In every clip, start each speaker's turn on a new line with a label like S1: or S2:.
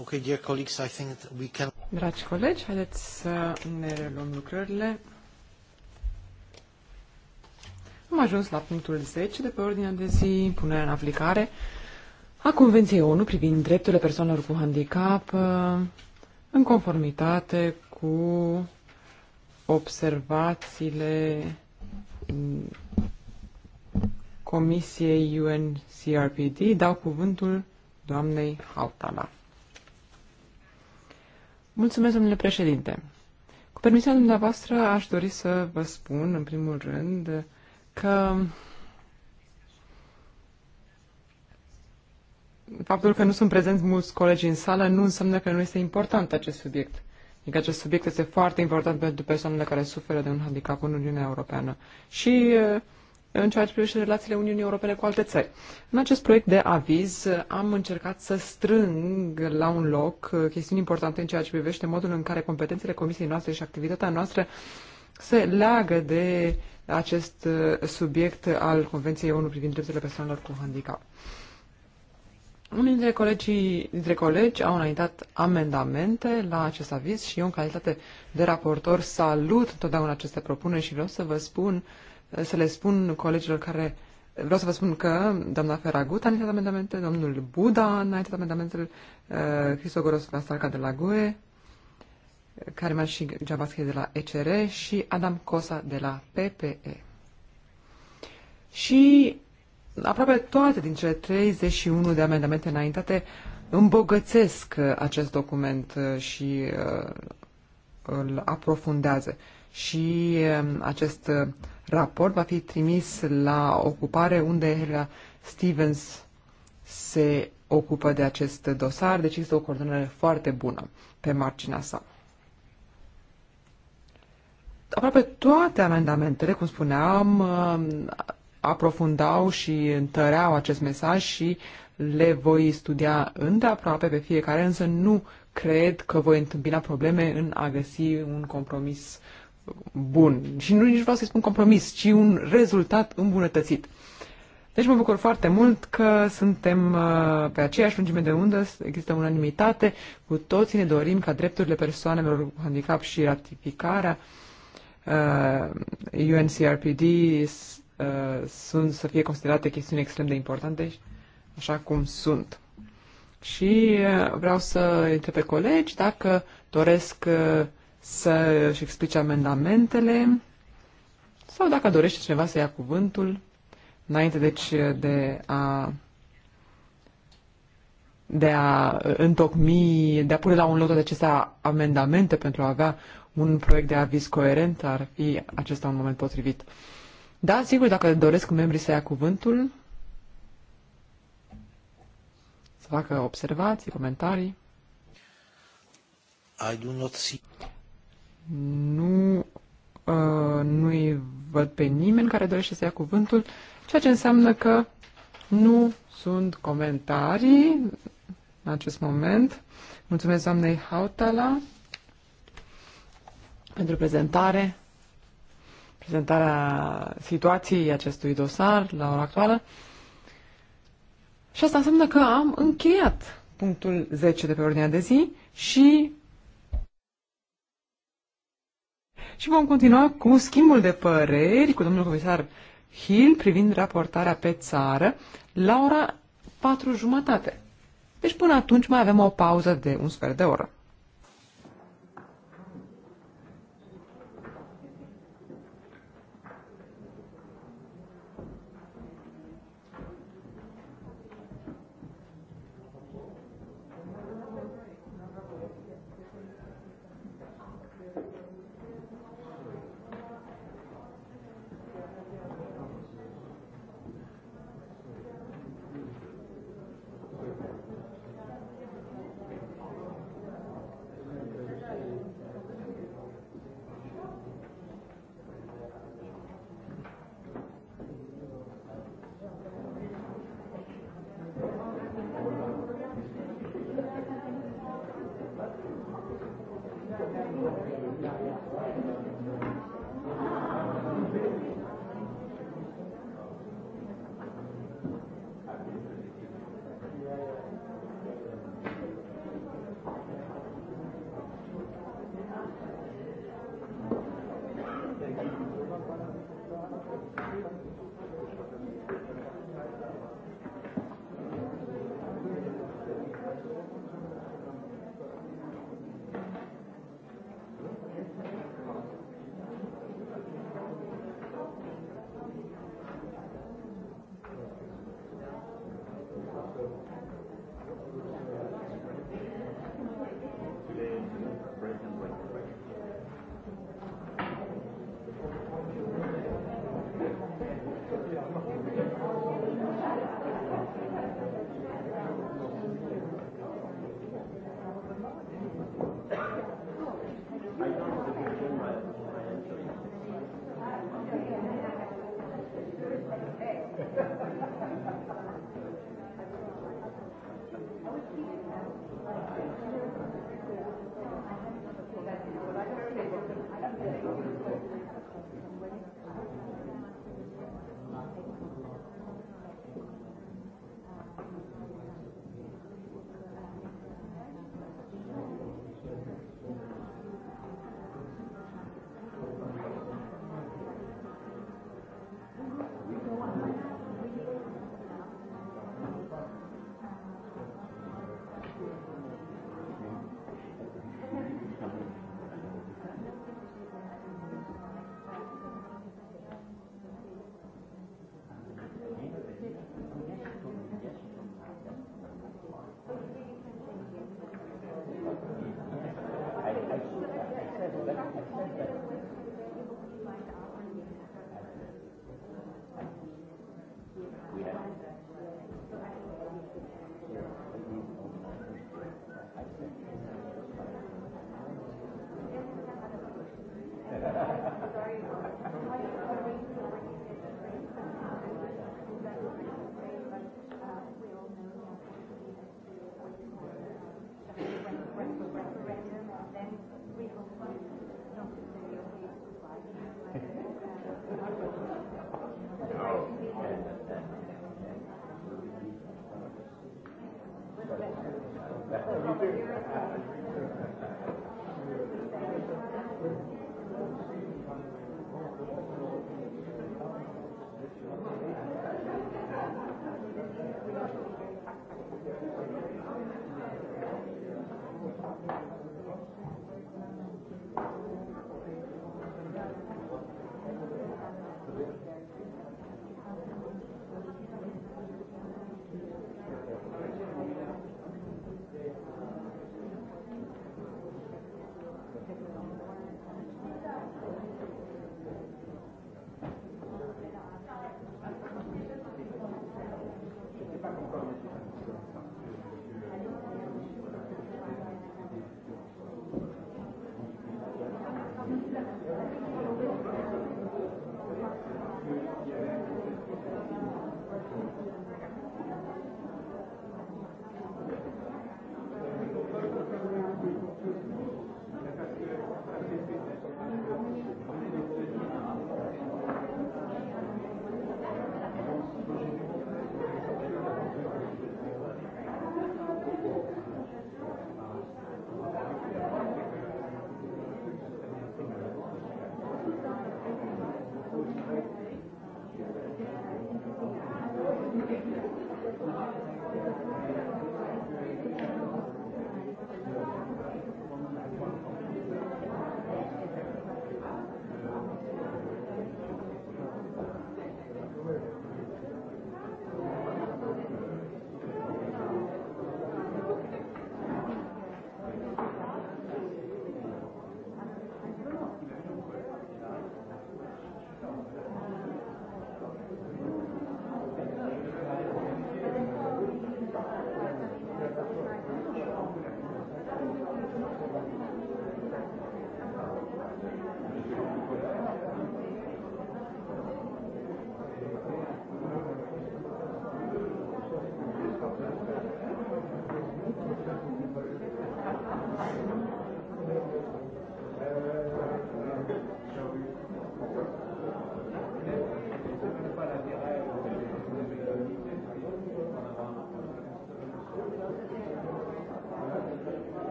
S1: Okay, dear colleagues, I think we can...
S2: Dragi colegi, haideți să ne reluăm lucrările. Am ajuns la punctul 10 de pe ordinea de zi, punerea în aplicare a Convenției ONU privind drepturile persoanelor cu handicap în conformitate cu observațiile Comisiei UNCRPD. Dau cuvântul doamnei Hautala. Mulțumesc, domnule președinte. Cu permisiunea dumneavoastră, aș dori să vă spun, în primul rând, că faptul că nu sunt prezenți mulți colegi în sală nu înseamnă că nu este important acest subiect. Adică acest subiect este foarte important pentru persoanele care suferă de un handicap în Uniunea Europeană. Și uh, în ceea ce privește relațiile Uniunii Europene cu alte țări. În acest proiect de aviz uh, am încercat să strâng la un loc uh, chestiuni importante în ceea ce privește modul în care competențele Comisiei noastre și activitatea noastră se leagă de acest uh, subiect al Convenției ONU privind drepturile persoanelor cu handicap. Unii dintre, colegii, dintre colegi au înaintat amendamente la acest aviz și eu, în calitate de raportor, salut totdeauna aceste propuneri și vreau să vă spun uh, să le spun colegilor care Vreau să vă spun că doamna Feragut a înaintat amendamente, domnul Buda a înaintat amendamentele, uh, Cristogoros Vastalca de la GUE, Carmen și Javaschi de la ECR și Adam Cosa de la PPE. Și aproape toate din cele 31 de amendamente înaintate îmbogățesc uh, acest document uh, și uh, îl aprofundează. Și uh, acest uh, raport va fi trimis la ocupare unde Helga Stevens se ocupă de acest dosar, deci este o coordonare foarte bună pe marginea sa. Aproape toate amendamentele, cum spuneam, aprofundau și întăreau acest mesaj și le voi studia îndeaproape pe fiecare, însă nu cred că voi întâmpina probleme în a găsi un compromis uh, bun și nu nici vreau să-i spun compromis, ci un rezultat îmbunătățit. Deci mă bucur foarte mult că suntem uh, pe aceeași lungime de undă, există unanimitate, cu toții ne dorim ca drepturile persoanelor cu handicap și ratificarea uh, UNCRPD uh, sunt să fie considerate chestiuni extrem de importante, așa cum sunt. Și uh, vreau să întreb pe colegi dacă doresc uh, să își explice amendamentele sau dacă dorește cineva să ia cuvântul înainte deci de a de a întocmi, de a pune la un lot toate acestea amendamente pentru a avea un proiect de aviz coerent, ar fi acesta un moment potrivit. Da, sigur, dacă doresc membrii să ia cuvântul, să facă observații, comentarii.
S1: I do not see
S2: nu, uh, nu-i văd pe nimeni care dorește să ia cuvântul, ceea ce înseamnă că nu sunt comentarii în acest moment. Mulțumesc doamnei Hautala pentru prezentare, prezentarea situației acestui dosar la ora actuală. Și asta înseamnă că am încheiat punctul 10 de pe ordinea de zi și și vom continua cu schimbul de păreri cu domnul comisar Hill privind raportarea pe țară la ora patru jumătate. Deci până atunci mai avem o pauză de un sfert de oră.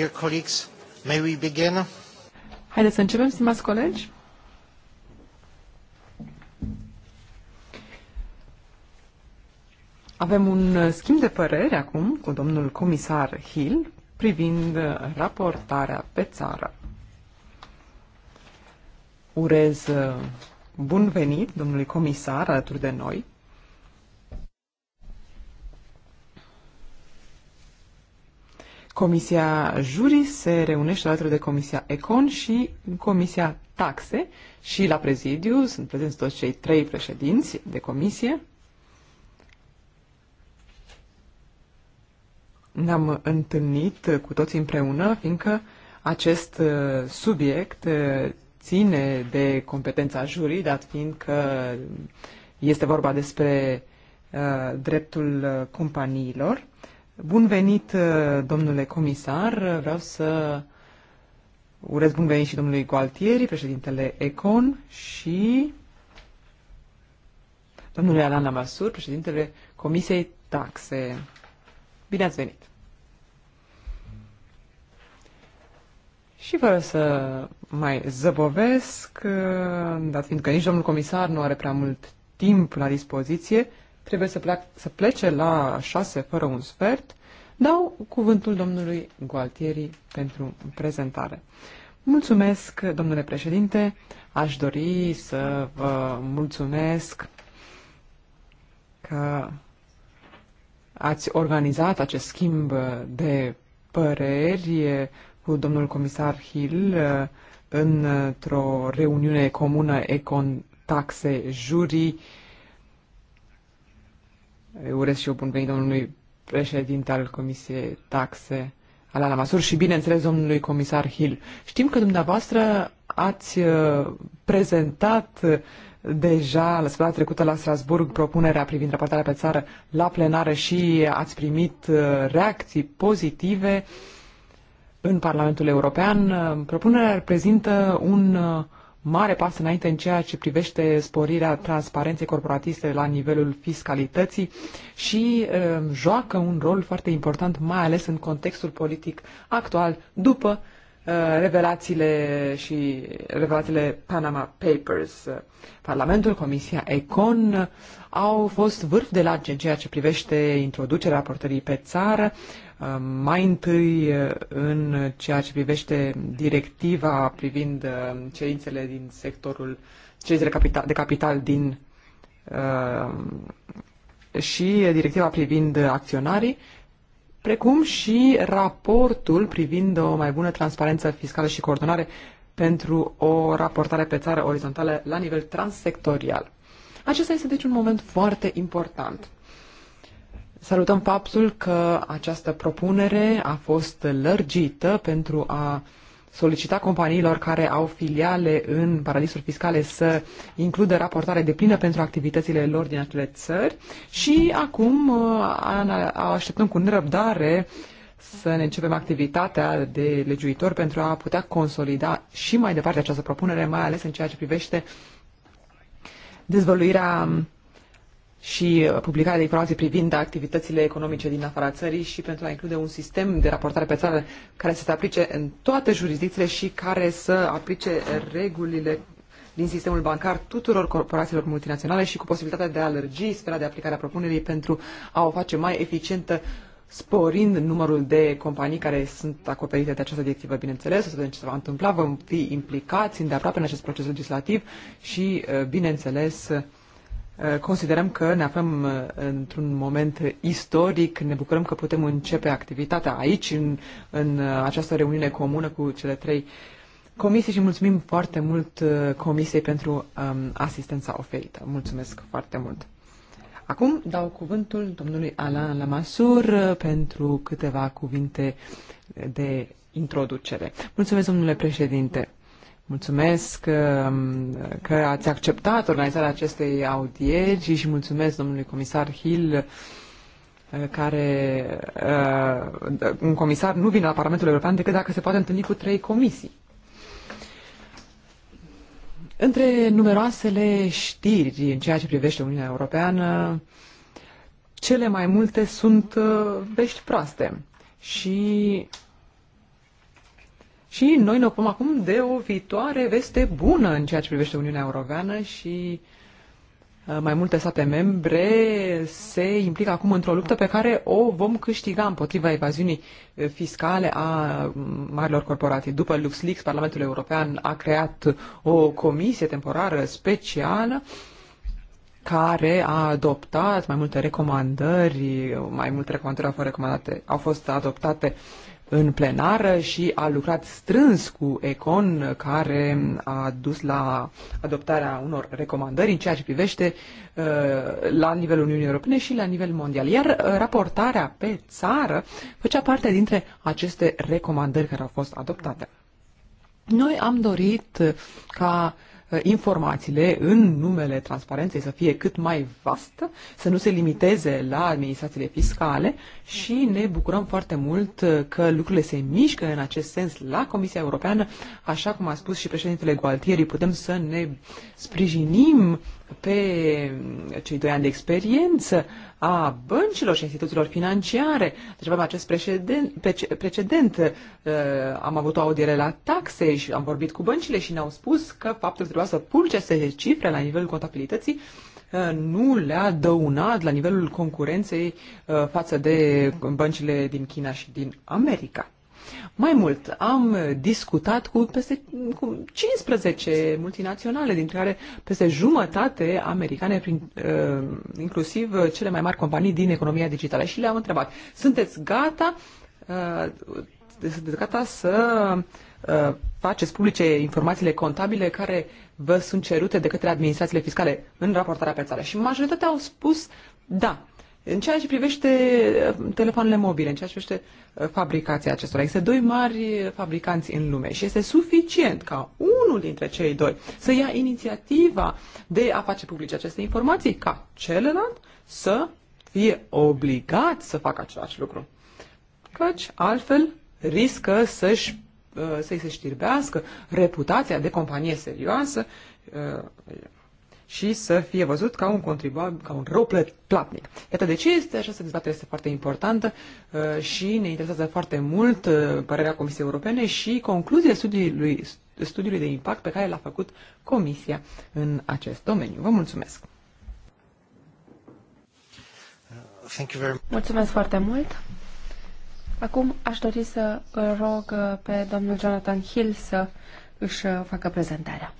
S1: Dear colleagues, may we begin?
S2: Haideți să începem, stimați colegi. Avem un uh, schimb de păreri acum cu domnul comisar Hill privind uh, raportarea pe țară. Urez uh, bun venit domnului comisar alături de noi. Comisia Juris se reunește alături de Comisia Econ și Comisia Taxe și la prezidiu sunt prezenți toți cei trei președinți de comisie. Ne-am întâlnit cu toți împreună, fiindcă acest uh, subiect uh, ține de competența jurii, dat fiind că este vorba despre uh, dreptul companiilor Bun venit, uh, domnule comisar. Vreau să urez bun venit și domnului Gualtieri, președintele Econ, și domnului Alan Lamasur, președintele Comisiei Taxe. Bine ați venit! Și fără să mai zăbovesc, uh, dat fiindcă nici domnul comisar nu are prea mult timp la dispoziție, trebuie să, plec, să plece la șase fără un sfert, dau cuvântul domnului Gualtieri pentru prezentare. Mulțumesc, domnule președinte, aș dori să vă mulțumesc că ați organizat acest schimb de păreri cu domnul comisar Hill într-o reuniune comună Econ Taxe Jurii urez și eu bun venit domnului președinte al Comisiei Taxe, Alana Masur, și bineînțeles domnului comisar Hill. Știm că dumneavoastră ați uh, prezentat uh, deja la săptămâna trecută la Strasburg propunerea privind raportarea pe țară la plenară și ați primit uh, reacții pozitive în Parlamentul European. Propunerea reprezintă un uh, mare pas înainte în ceea ce privește sporirea transparenței corporatiste la nivelul fiscalității și uh, joacă un rol foarte important, mai ales în contextul politic actual, după uh, revelațiile și revelațiile Panama Papers. Parlamentul, Comisia Econ au fost vârf de lance în ceea ce privește introducerea raportării pe țară, Uh, mai întâi uh, în ceea ce privește directiva privind uh, cerințele din sectorul cerințele de capital din și directiva privind acționarii, precum și raportul privind o mai bună transparență fiscală și coordonare pentru o raportare pe țară orizontală la nivel transsectorial. Acesta este deci un moment foarte important. Salutăm faptul că această propunere a fost lărgită pentru a solicita companiilor care au filiale în paradisuri fiscale să includă raportare de plină pentru activitățile lor din acele țări și acum uh, așteptăm cu nerăbdare să ne începem activitatea de legiuitor pentru a putea consolida și mai departe această propunere, mai ales în ceea ce privește dezvăluirea și uh, publicarea de informații privind activitățile economice din afara țării și pentru a include un sistem de raportare pe țară care să se aplice în toate jurisdicțiile și care să aplice regulile din sistemul bancar tuturor corporațiilor multinaționale și cu posibilitatea de a lărgi sfera de aplicare a propunerii pentru a o face mai eficientă sporind numărul de companii care sunt acoperite de această directivă, bineînțeles, o să vedem ce se va întâmpla, vom fi implicați îndeaproape în acest proces legislativ și, uh, bineînțeles, Eh, considerăm că ne aflăm eh, într-un moment istoric, ne bucurăm că putem începe activitatea aici, în, în eh, această reuniune comună cu cele trei comisii și mulțumim foarte mult comisiei pentru um, asistența oferită. Mulțumesc foarte mult! Acum dau cuvântul domnului Alain Lamassur pentru câteva cuvinte de introducere. Mulțumesc, domnule președinte! Mulțumesc um, că, ați acceptat organizarea acestei audieri și mulțumesc domnului comisar Hill uh, care uh, un comisar nu vine la Parlamentul European decât dacă se poate întâlni cu trei comisii. Între numeroasele știri în ceea ce privește Uniunea Europeană, cele mai multe sunt uh, vești proaste și și noi ne ocupăm acum de o viitoare veste bună în ceea ce privește Uniunea Europeană și uh, mai multe state membre se implică acum într-o luptă pe care o vom câștiga împotriva evaziunii uh, fiscale a mm, marilor corporații. După LuxLeaks, Parlamentul European a creat o comisie temporară specială care a adoptat mai multe recomandări, mai multe recomandări au fost, recomandate, au fost adoptate uh, în plenară și a lucrat strâns cu Econ, care a dus la adoptarea unor recomandări în ceea ce privește uh, la nivelul Uniunii Europene și la nivel mondial. Iar uh, raportarea pe țară făcea parte dintre aceste recomandări care au fost adoptate. Noi am dorit uh, ca informațiile în numele transparenței să fie cât mai vastă, să nu se limiteze la administrațiile fiscale și ne bucurăm foarte mult uh, că lucrurile se mișcă în acest sens la Comisia Europeană. Așa cum a spus și președintele Gualtieri, putem să ne sprijinim pe cei doi ani de experiență a băncilor și instituțiilor financiare. Deci avem acest precedent, precedent. Uh, am avut o audiere la taxe și am vorbit cu băncile și ne-au spus că faptul trebuia să purce cifre la nivelul contabilității Uh, nu le-a dăunat la nivelul concurenței uh, față de băncile din China și din America. Mai mult, am discutat cu peste cu 15 multinaționale, dintre care peste jumătate americane, prin, uh, inclusiv cele mai mari companii din economia digitală. Și le-am întrebat, sunteți gata, uh, sunteți gata să uh, faceți publice informațiile contabile care vă sunt cerute de către administrațiile fiscale în raportarea pe țară. Și majoritatea au spus da. În ceea ce privește uh, telefoanele mobile, în ceea ce privește uh, fabricația acestora, există doi mari fabricanți în lume și este suficient ca unul dintre cei doi să ia inițiativa de a face publice aceste informații, ca celălalt să fie obligat să facă același lucru. Căci altfel riscă să-și Uh, să-i se știrbească reputația de companie serioasă uh, și să fie văzut ca un contribuabil, ca un rău platnic. Iată de ce este această dezbatere este foarte importantă uh, și ne interesează foarte mult părerea Comisiei Europene și concluzia studiului, studiului de impact pe care l-a făcut Comisia în acest domeniu. Vă mulțumesc! Mulțumesc
S3: foarte mult! Acum aș dori să rog uh, pe domnul Jonathan Hill să își uh, facă prezentarea.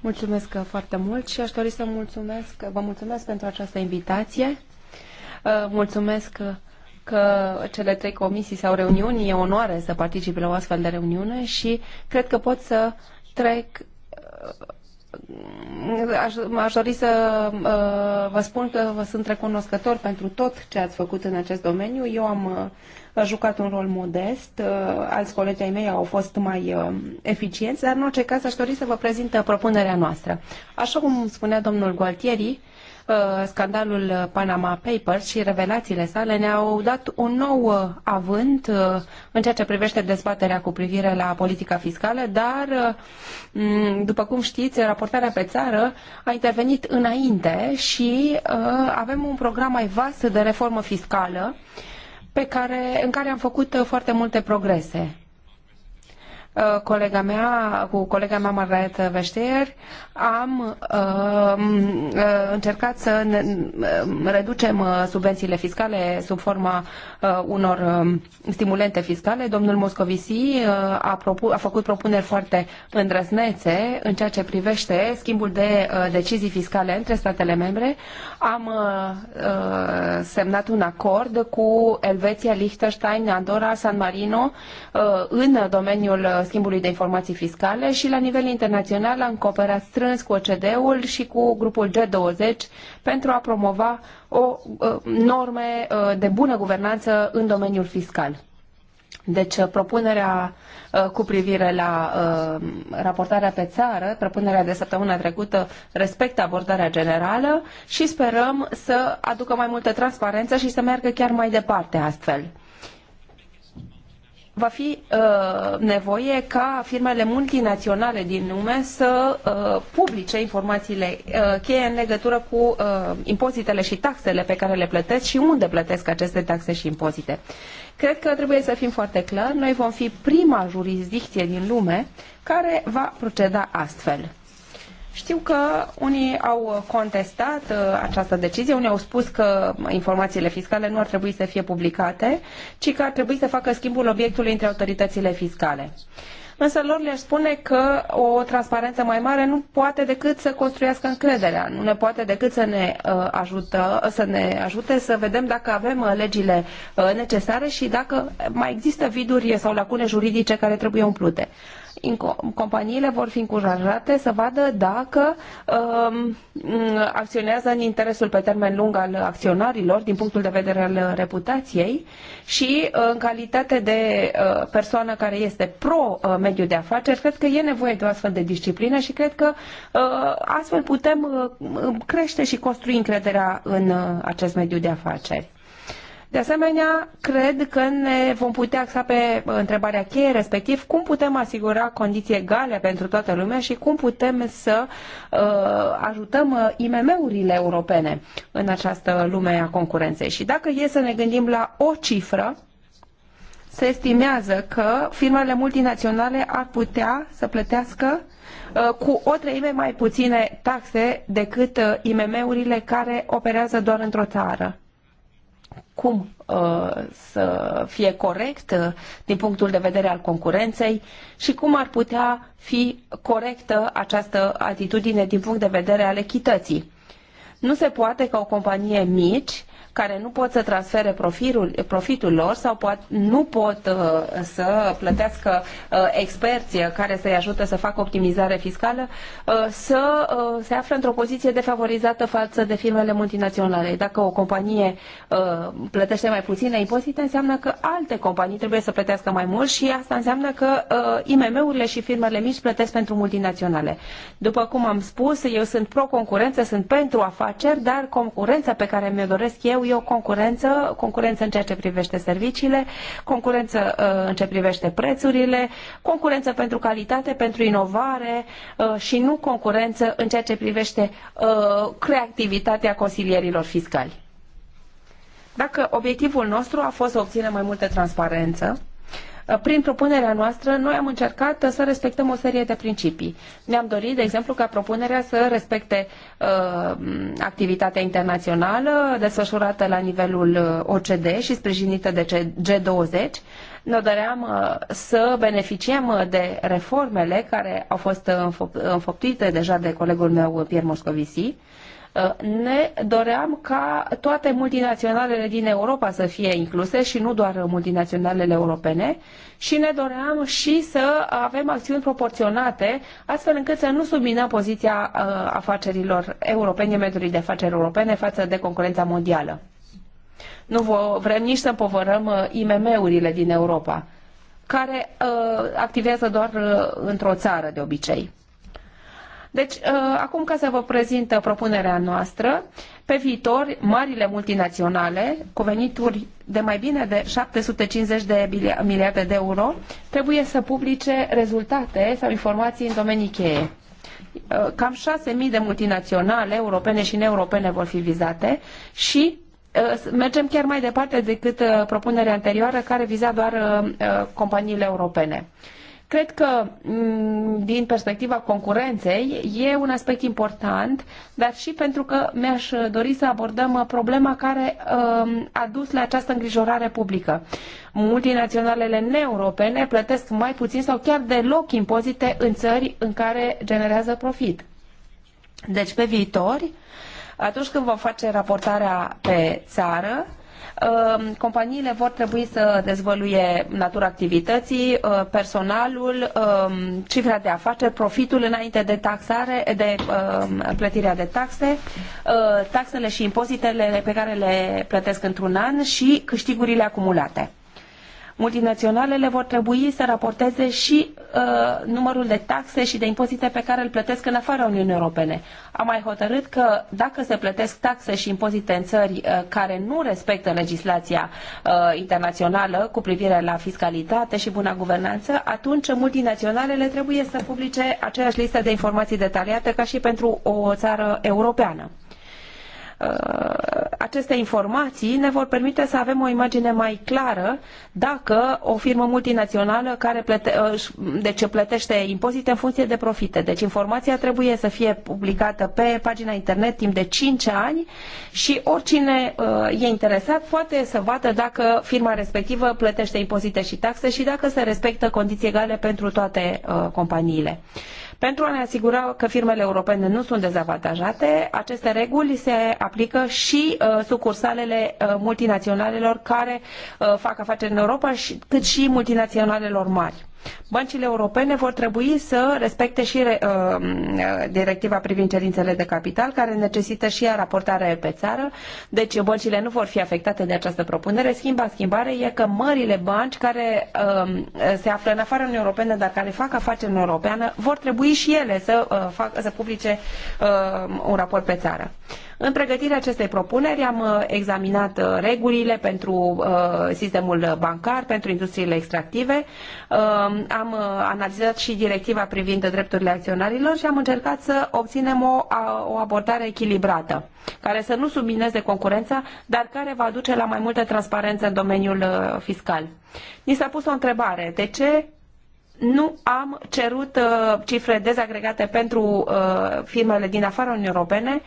S3: Mulțumesc uh, foarte mult și aș dori să mulțumesc, vă mulțumesc pentru această invitație. Mulțumesc că cele trei comisii sau reuniuni e onoare să participe la o astfel de reuniune și cred că pot să trec aș, aș dori să uh, vă spun că vă sunt recunoscător pentru tot ce ați făcut în acest domeniu. Eu am uh, jucat un rol modest, uh, alți colegi ai mei au fost mai uh, eficienți, dar în orice caz aș dori să vă prezint propunerea noastră. Așa cum spunea domnul Gualtieri, uh, Uh, scandalul Panama Papers și revelațiile sale ne-au dat un nou uh, avânt uh, în ceea ce privește dezbaterea cu privire la politica fiscală, dar, după cum știți, raportarea pe țară a intervenit înainte și avem un program mai vast de reformă fiscală pe care, în care am făcut foarte multe progrese Uh, colega mea, cu colega mea Margaret Veșteier, am uh, uh, încercat să ne, uh, reducem subvențiile fiscale sub forma uh, unor um, stimulente fiscale. Domnul Moscovici a, propu- a făcut propuneri foarte îndrăznețe în ceea ce privește schimbul de uh, decizii fiscale între statele membre. Am semnat un acord cu Elveția, Liechtenstein, Andorra, San Marino în domeniul schimbului de informații fiscale și la nivel internațional am cooperat strâns cu OCDE-ul și cu grupul G20 pentru a promova o uh, norme uh, de bună guvernanță în domeniul fiscal. Deci uh, propunerea cu privire la raportarea pe țară, propunerea de săptămâna trecută respectă abordarea generală și sperăm să aducă mai multă transparență și să meargă chiar mai departe astfel va fi uh, nevoie ca firmele multinaționale din lume să uh, publice informațiile uh, cheie în legătură cu uh, impozitele și taxele pe care le plătesc și unde plătesc aceste taxe și impozite. Cred că trebuie să fim foarte clari, noi vom fi prima jurisdicție din lume care va proceda astfel. Știu că unii au contestat uh, această decizie, unii au spus că informațiile fiscale nu ar trebui să fie publicate, ci că ar trebui să facă schimbul obiectului între autoritățile fiscale. Însă lor le spune că o transparență mai mare nu poate decât să construiască încrederea, nu ne poate decât să ne, uh, ajută, să ne ajute să vedem dacă avem uh, legile necesare și dacă mai există viduri sau lacune juridice care trebuie umplute companiile vor fi încurajate să vadă dacă um, acționează în interesul pe termen lung al acționarilor din punctul de vedere al reputației și uh, în calitate de uh, persoană care este pro-mediu uh, de afaceri, cred că e nevoie de o astfel de disciplină și cred că astfel putem crește și construi încrederea în acest mediu de afaceri. De asemenea, cred că ne vom putea axa pe uh, întrebarea cheie, respectiv cum putem asigura condiții egale pentru toată lumea și cum putem să uh, ajutăm uh, IMM-urile europene în această lume a concurenței. Și dacă e să ne gândim la o cifră, se estimează că firmele multinaționale ar putea să plătească uh, cu o treime mai puține taxe decât IMM-urile care operează doar într-o țară cum uh, să fie corect uh, din punctul de vedere al concurenței și cum ar putea fi corectă această atitudine din punct de vedere al echității. Nu se poate ca o companie mici care nu pot să transfere profitul lor sau nu pot uh, să plătească uh, experți care să-i ajute să facă optimizare fiscală, uh, să uh, se află într-o poziție defavorizată față de firmele multinaționale. Dacă o companie uh, plătește mai puține impozite, înseamnă că alte companii trebuie să plătească mai mult și asta înseamnă că uh, IMM-urile și firmele mici plătesc pentru multinaționale. După cum am spus, eu sunt pro-concurență, sunt pentru afaceri, dar concurența pe care mi-o doresc eu e o concurență, concurență în ceea ce privește serviciile, concurență uh, în ce privește prețurile, concurență pentru calitate, pentru inovare uh, și nu concurență în ceea ce privește uh, creativitatea consilierilor fiscali. Dacă obiectivul nostru a fost să obținem mai multă transparență, Uh, prin propunerea noastră, noi am încercat uh, să respectăm o serie de principii. Ne-am dorit, de exemplu, ca propunerea să respecte uh, activitatea internațională desfășurată la nivelul uh, OCD și sprijinită de G20. Ne doream să beneficiem de reformele care au fost înfoptuite deja de colegul meu Pierre Moscovici Uh, ne doream ca toate multinaționalele din Europa să fie incluse și nu doar multinaționalele europene și ne doream și să avem acțiuni proporționate astfel încât să nu subminăm poziția uh, afacerilor europene, mediului de afaceri europene față de concurența mondială. Nu vrem nici să împovărăm uh, IMM-urile din Europa, care activează doar într-o țară de obicei. Deci, uh, acum ca să vă prezint propunerea noastră, pe viitor, marile multinaționale, cu venituri de mai bine de 750 de miliarde de euro, trebuie să publice rezultate sau informații în domenii cheie. Uh, cam 6.000 de multinaționale europene și neeuropene vor fi vizate și uh, mergem chiar mai departe decât propunerea anterioară care viza doar companiile europene. Cred că, mm, din perspectiva concurenței, e un aspect important, dar și pentru că mi-aș dori să abordăm problema care um, a dus la această îngrijorare publică. Multinaționalele neeuropene plătesc mai puțin sau chiar deloc impozite în țări în care generează profit. Deci, pe viitor, atunci când vom face raportarea pe țară, Ehm, companiile vor trebui să dezvăluie natura activității, ehm, personalul, ehm, cifra de afaceri, profitul înainte de taxare, de plătirea de taxe, taxele și impozitele pe care le plătesc într-un an și câștigurile acumulate multinaționalele vor trebui să raporteze și uh, numărul de taxe și de impozite pe care îl plătesc în afara Uniunii Europene. Am mai hotărât că dacă se plătesc taxe și impozite în țări uh, care nu respectă legislația uh, internațională cu privire la fiscalitate și buna guvernanță, atunci multinaționalele trebuie să publice aceeași listă de informații detaliate ca și pentru o țară europeană. Uh, aceste informații ne vor permite să avem o imagine mai clară dacă o firmă multinațională care plete, uh, deci plătește impozite în funcție de profite. Deci informația trebuie să fie publicată pe pagina internet timp de 5 ani și oricine uh, e interesat poate să vadă dacă firma respectivă plătește impozite și taxe și dacă se respectă condiții egale pentru toate companiile. Pentru a ne asigura că firmele europene nu sunt dezavantajate, aceste reguli se aplică și uh, sucursalele uh, multinaționalelor care uh, fac afaceri în Europa, și, cât și multinaționalelor mari. Băncile europene vor trebui să respecte și uh, directiva privind cerințele de capital, care necesită și ea raportarea pe țară, deci băncile nu vor fi afectate de această propunere. Schimba schimbare e că mările bănci care uh, se află în afara Uniunii Europene, dar care fac afaceri în Europeană, vor trebui și ele să, uh, fac, să publice uh, un raport pe țară. În pregătirea acestei propuneri am uh, examinat uh, regulile pentru sistemul bancar, pentru industriile extractive. Um, Um, am uh, analizat și directiva privind drepturile acționarilor și am încercat să obținem o, o abordare echilibrată, care să nu submineze concurența, dar care va duce la mai multă transparență în domeniul uh, fiscal. Ni s-a pus o întrebare. De ce nu am cerut uh, cifre dezagregate pentru firmele din afara Uniunii Europene?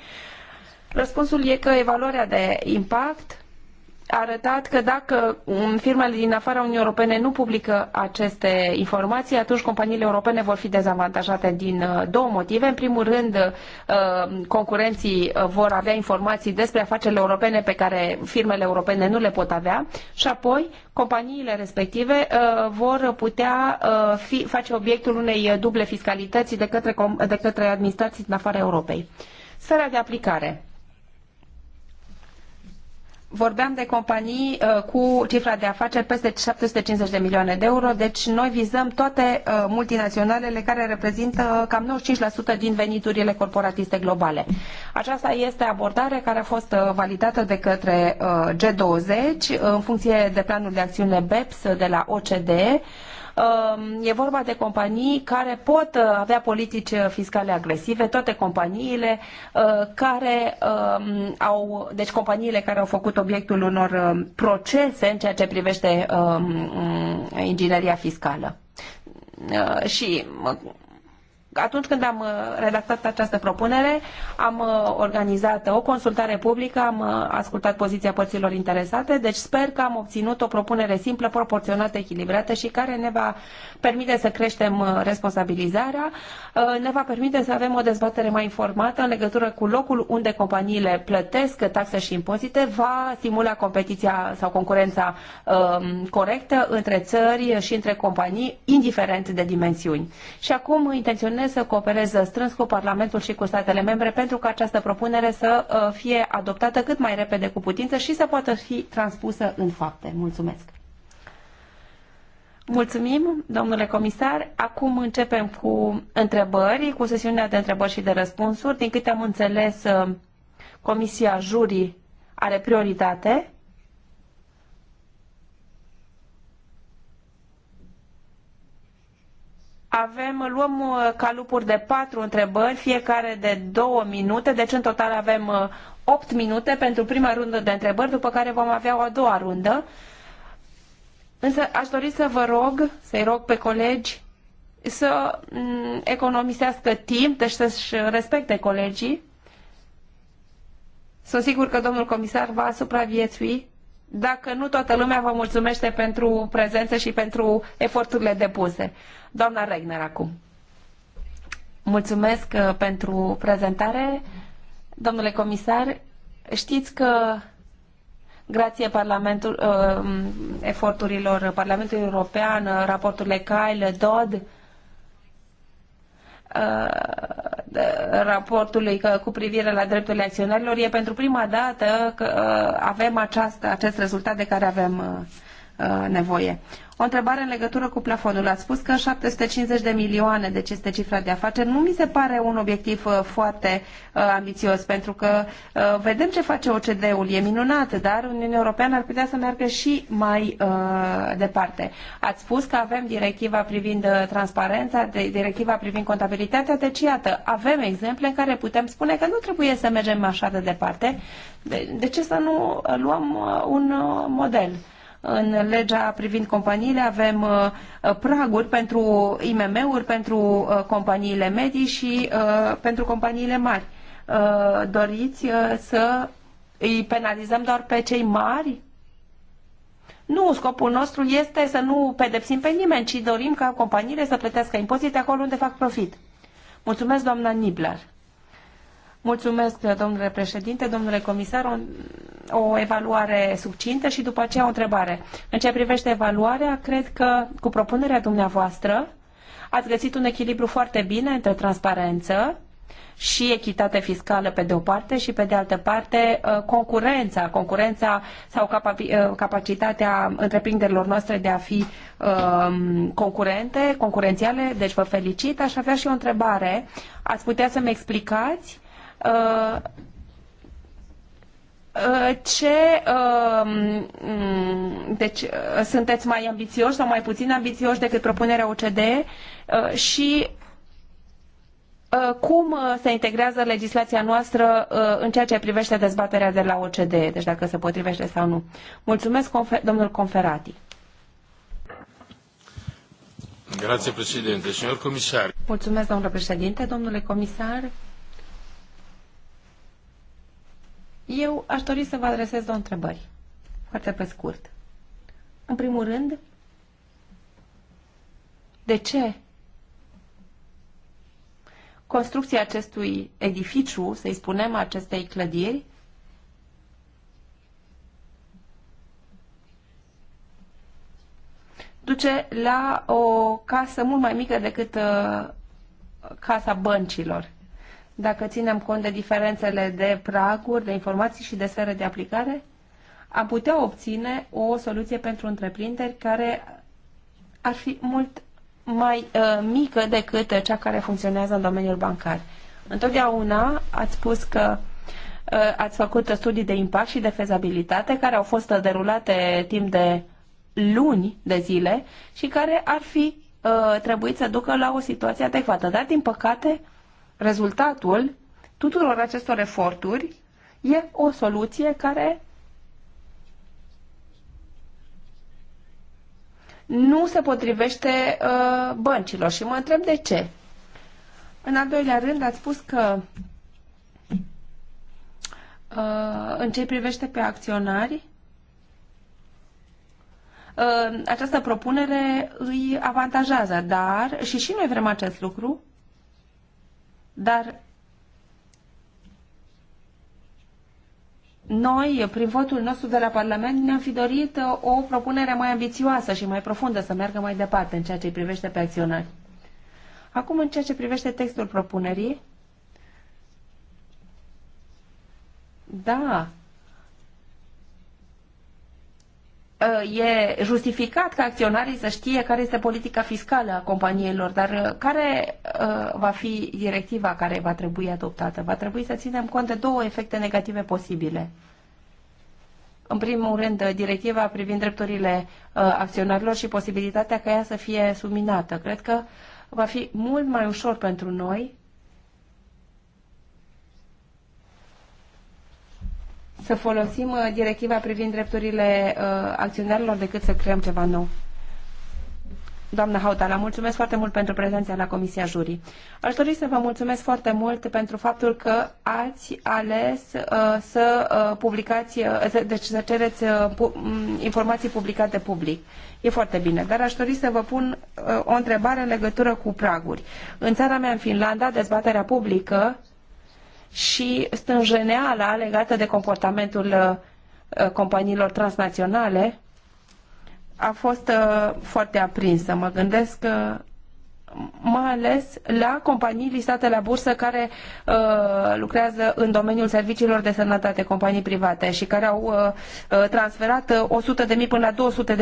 S3: Răspunsul e că evaluarea de impact arătat că dacă firmele din afara Uniunii Europene nu publică aceste informații, atunci companiile europene vor fi dezavantajate din uh, două motive. În primul rând, uh, concurenții uh, vor avea informații despre afacerile europene pe care firmele europene nu le pot avea și apoi companiile respective vor putea fi, face obiectul unei duble fiscalități de către, de către administrații din afara Europei. Sfera de aplicare vorbeam de companii uh, cu cifra de afaceri peste 750 de milioane de euro, deci noi vizăm toate uh, multinaționalele care reprezintă uh, cam 95% din veniturile corporatiste globale. Aceasta este abordare care a fost validată de către G20 în funcție de planul de acțiune BEPS de la OCDE, Um, e vorba de companii care pot uh, avea politici uh, fiscale agresive, toate companiile uh, care um, au, deci companiile care au făcut obiectul unor um, procese în ceea ce privește mm, ingineria fiscală. Și atunci când am uh, redactat această propunere, am uh, organizat o consultare publică, am uh, ascultat poziția părților interesate, deci sper că am obținut o propunere simplă, proporționată, echilibrată și care ne va permite să creștem responsabilizarea, ne va permite să avem o dezbatere mai informată în legătură cu locul unde companiile plătesc taxe și impozite, va stimula competiția sau concurența um, corectă între țări și între companii, indiferent de dimensiuni. Și acum intenționez Europene să coopereze strâns cu Parlamentul și cu statele membre pentru ca această propunere să uh, fie adoptată cât mai repede cu putință și să poată fi transpusă în fapte. Mulțumesc! Mulțumim, domnule comisar. Acum începem cu întrebări, cu sesiunea de întrebări și de răspunsuri. Din câte am înțeles, uh, Comisia Jurii are prioritate avem, luăm uh, calupuri de patru întrebări, fiecare de două minute, deci în total avem uh, opt minute pentru prima rundă de întrebări, după care vom avea o a doua rundă. Însă aș dori să vă rog, să-i rog pe colegi să mm, economisească timp, deci să-și respecte colegii. Sunt sigur că domnul comisar va supraviețui dacă nu toată lumea vă mulțumește pentru prezență și pentru eforturile depuse. Doamna Regner acum. Mulțumesc uh, pentru prezentare. Domnule comisar, știți că grație Parlamentul, uh, eforturilor Parlamentului European, uh, raporturile Kyle, Dodd, Uh, raportului cu privire la drepturile acționarilor. E pentru prima dată că uh, avem această, acest rezultat de care avem uh, Uh, nevoie. O întrebare în legătură cu plafonul. Ați spus că 750 de milioane, deci este cifra de afaceri. Nu mi se pare un obiectiv uh, foarte uh, ambițios, pentru că uh, vedem ce face OCD-ul. E minunat, dar Uniunea Europeană ar putea să meargă și mai uh, departe. Ați spus că avem directiva privind uh, transparența, de, directiva privind contabilitatea, deci iată, avem exemple în care putem spune că nu trebuie să mergem așa de departe. De, de ce să nu luăm un model? În legea privind companiile avem uh, praguri pentru IMM-uri, pentru uh, companiile medii și uh, pentru companiile mari. Doriți să îi penalizăm doar pe cei mari? Nu, scopul nostru este să nu pedepsim pe nimeni, ci dorim ca companiile să plătească impozite acolo unde fac profit. Mulțumesc, doamna Nibler. Mulțumesc, domnule președinte, domnule comisar, o evaluare succintă și după aceea o întrebare. În ce privește evaluarea, cred că cu propunerea dumneavoastră ați găsit un echilibru foarte bine între transparență și echitate fiscală pe de o parte și pe de altă parte uh, concurența, concurența sau uh, capacitatea întreprinderilor noastre de a fi um, concurente, concurențiale, deci vă felicit. Aș avea și o întrebare. Ați putea să-mi explicați Uh, uh, ce, um, mm, deci uh, sunteți mai ambițioși sau mai puțin ambițioși decât propunerea OCDE și cum se integrează legislația noastră în ceea ce privește dezbaterea de la OCDE, deci dacă se potrivește sau nu. Mulțumesc, domnul Conferati.
S1: Grazie, președinte. comisar.
S3: Mulțumesc, domnule președinte, domnule comisar. Eu aș dori să vă adresez două întrebări, foarte pe scurt. În primul rând, de ce construcția acestui edificiu, să-i spunem acestei clădiri, duce la o casă mult mai mică decât uh, casa băncilor dacă ținem cont de diferențele de praguri, de informații și de sferă de aplicare, am putea obține o soluție pentru întreprinderi care ar fi mult mai uh, mică decât cea care funcționează în domeniul bancar. Întotdeauna ați spus că uh, ați făcut studii de impact și de fezabilitate care au fost derulate timp de luni de zile și care ar fi uh, trebuit să ducă la o situație adecvată. Dar, din păcate, rezultatul tuturor acestor eforturi e o soluție care nu se potrivește uh, băncilor și mă întreb de ce. În al doilea rând, ați spus că uh, în ce privește pe acționari, uh, această propunere îi avantajează, dar și și noi vrem acest lucru, dar noi, prin votul nostru de la Parlament, ne-am fi dorit o propunere mai ambițioasă și mai profundă, să meargă mai departe în ceea ce privește pe acționari. Acum, în ceea ce privește textul propunerii, da, Uh, e justificat ca acționarii să știe care este politica fiscală a companiilor, dar uh, care uh, va fi directiva care va trebui adoptată? Va trebui să ținem cont de două efecte negative posibile. În primul rând, directiva privind drepturile acționarilor și posibilitatea ca ea să fie subminată. Cred că va fi mult mai ușor pentru noi să folosim uh, directiva privind drepturile uh, acționarilor decât să creăm ceva nou. Doamna Hautala, mulțumesc foarte mult pentru prezența la Comisia Jurii. Aș dori să vă mulțumesc foarte mult pentru faptul că ați ales uh, să uh, publicați, uh, deci să cereți uh, pu- informații publicate public. E foarte bine, dar aș dori să vă pun uh, o întrebare în legătură cu praguri. În țara mea, în Finlanda, dezbaterea publică și stânjeneala legată de comportamentul uh, uh, companiilor transnaționale a fost uh, foarte aprinsă. Mă gândesc mai ales la companii listate la bursă care uh, lucrează în domeniul serviciilor de sănătate, companii private și care au uh, transferat 100.000 până la 200.000 de,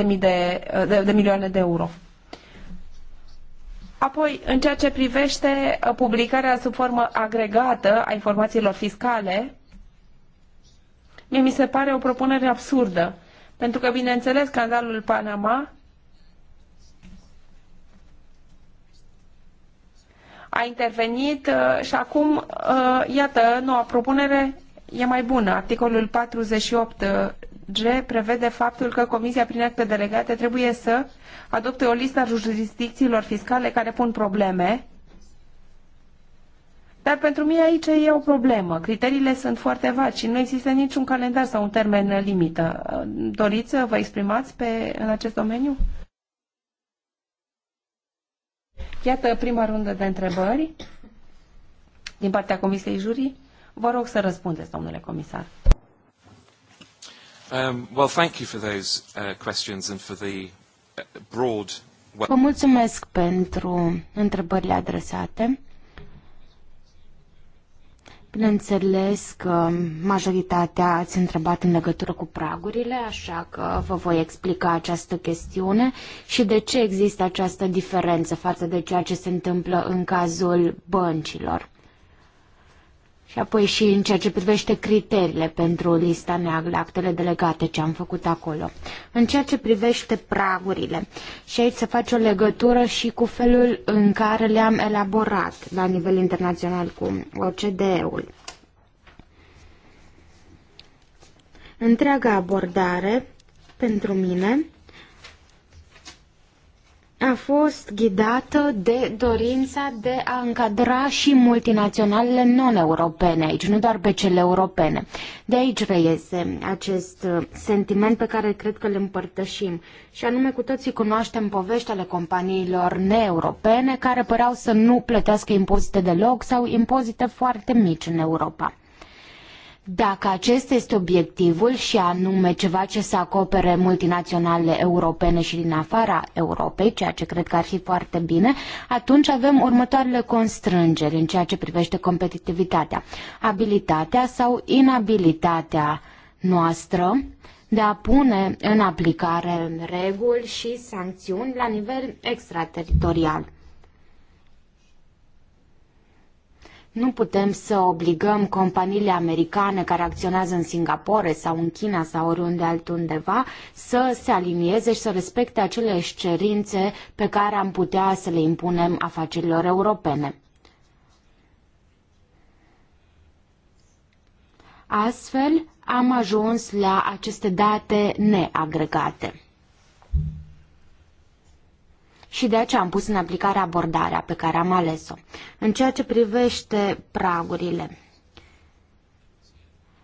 S3: de, de milioane de euro. Apoi, în ceea ce privește uh, publicarea sub formă agregată a informațiilor fiscale, mie mi se pare o propunere absurdă, pentru că, bineînțeles, scandalul Panama a intervenit uh, și acum, uh, iată, noua propunere e mai bună. Articolul 48 G prevede faptul că Comisia prin acte delegate trebuie să adopte o listă a jurisdicțiilor fiscale care pun probleme. Dar pentru mine aici e o problemă. Criteriile sunt foarte vagi și nu există niciun calendar sau un termen limită. Doriți să vă exprimați pe, în acest domeniu? Iată prima rundă de întrebări din partea Comisiei Jurii. Vă rog să răspundeți, domnule
S4: comisar.
S1: Um, well, thank you for those uh, questions and for the uh, broad... Vă
S4: mulțumesc pentru întrebările adresate. Bineînțeles că majoritatea ați întrebat în legătură cu pragurile, așa că vă voi explica această chestiune și de ce există această diferență față de ceea ce se întâmplă în cazul băncilor. Și apoi și în ceea ce privește criteriile pentru lista neagră, actele delegate ce am făcut acolo. În ceea ce privește pragurile, și aici se face o legătură și cu felul în care le-am elaborat la nivel internațional cu OCDE-ul. Întreaga abordare, pentru mine, a fost ghidată de dorința de a încadra și multinaționalele non-europene aici, nu doar pe cele europene. De aici reiese acest uh, sentiment pe care cred că îl împărtășim. Și anume cu toții cunoaștem poveștile ale companiilor neeuropene care păreau să nu plătească impozite deloc sau impozite foarte mici în Europa. Dacă acesta este obiectivul și anume ceva ce să acopere multinaționale europene și din afara Europei, ceea ce cred că ar fi foarte bine, atunci avem următoarele constrângeri în ceea ce privește competitivitatea. Abilitatea sau inabilitatea noastră de a pune în aplicare reguli și sancțiuni la nivel extrateritorial. Nu putem să obligăm companiile americane care acționează în Singapore sau în China sau oriunde altundeva să se alinieze și să respecte acele cerințe pe care am putea să le impunem afacerilor europene. Astfel, am ajuns la aceste date neagregate și de aceea am pus în aplicare abordarea pe care am ales-o. În ceea ce privește pragurile,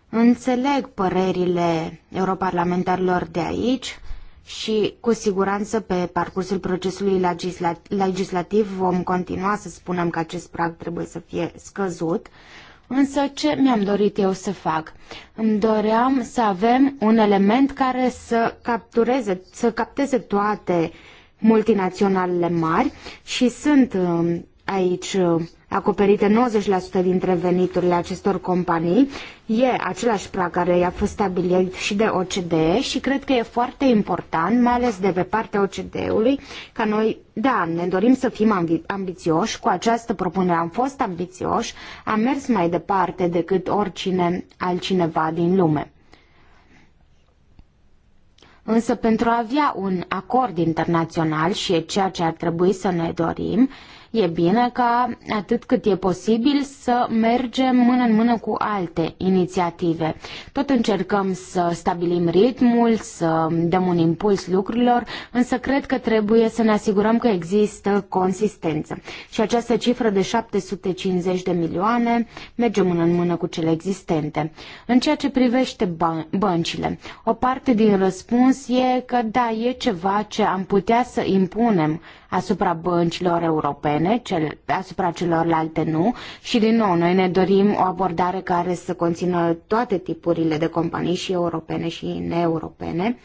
S4: înțeleg părerile europarlamentarilor de aici și cu siguranță pe parcursul procesului legislativ vom continua să spunem că acest prag trebuie să fie scăzut, Însă ce mi-am dorit eu să fac? Îmi doream să avem un element care să captureze, să capteze toate multinaționalele mari și sunt um, aici um, acoperite 90% dintre veniturile acestor companii. E același prag care i-a fost stabilit și de OCDE și cred că e foarte important, mai ales de pe partea OCDE-ului, ca noi, da, ne dorim să fim ambi- ambițioși, cu această propunere am fost ambițioși, am mers mai departe decât oricine altcineva din lume. Însă pentru a avea un acord internațional și e ceea ce ar trebui să ne dorim, E bine ca, atât cât e posibil, să mergem mână în mână cu alte inițiative. Tot încercăm să stabilim ritmul, să dăm un impuls lucrurilor, însă cred că trebuie să ne asigurăm că există consistență. Și această cifră de 750 de milioane merge mână în mână cu cele existente. În ceea ce privește băncile, o parte din răspuns e că da, e ceva ce am putea să impunem asupra băncilor europene europene, cel asupra celorlalte nu. Și din nou, noi ne dorim o abordare care să conțină toate tipurile de companii și europene și neeuropene. europene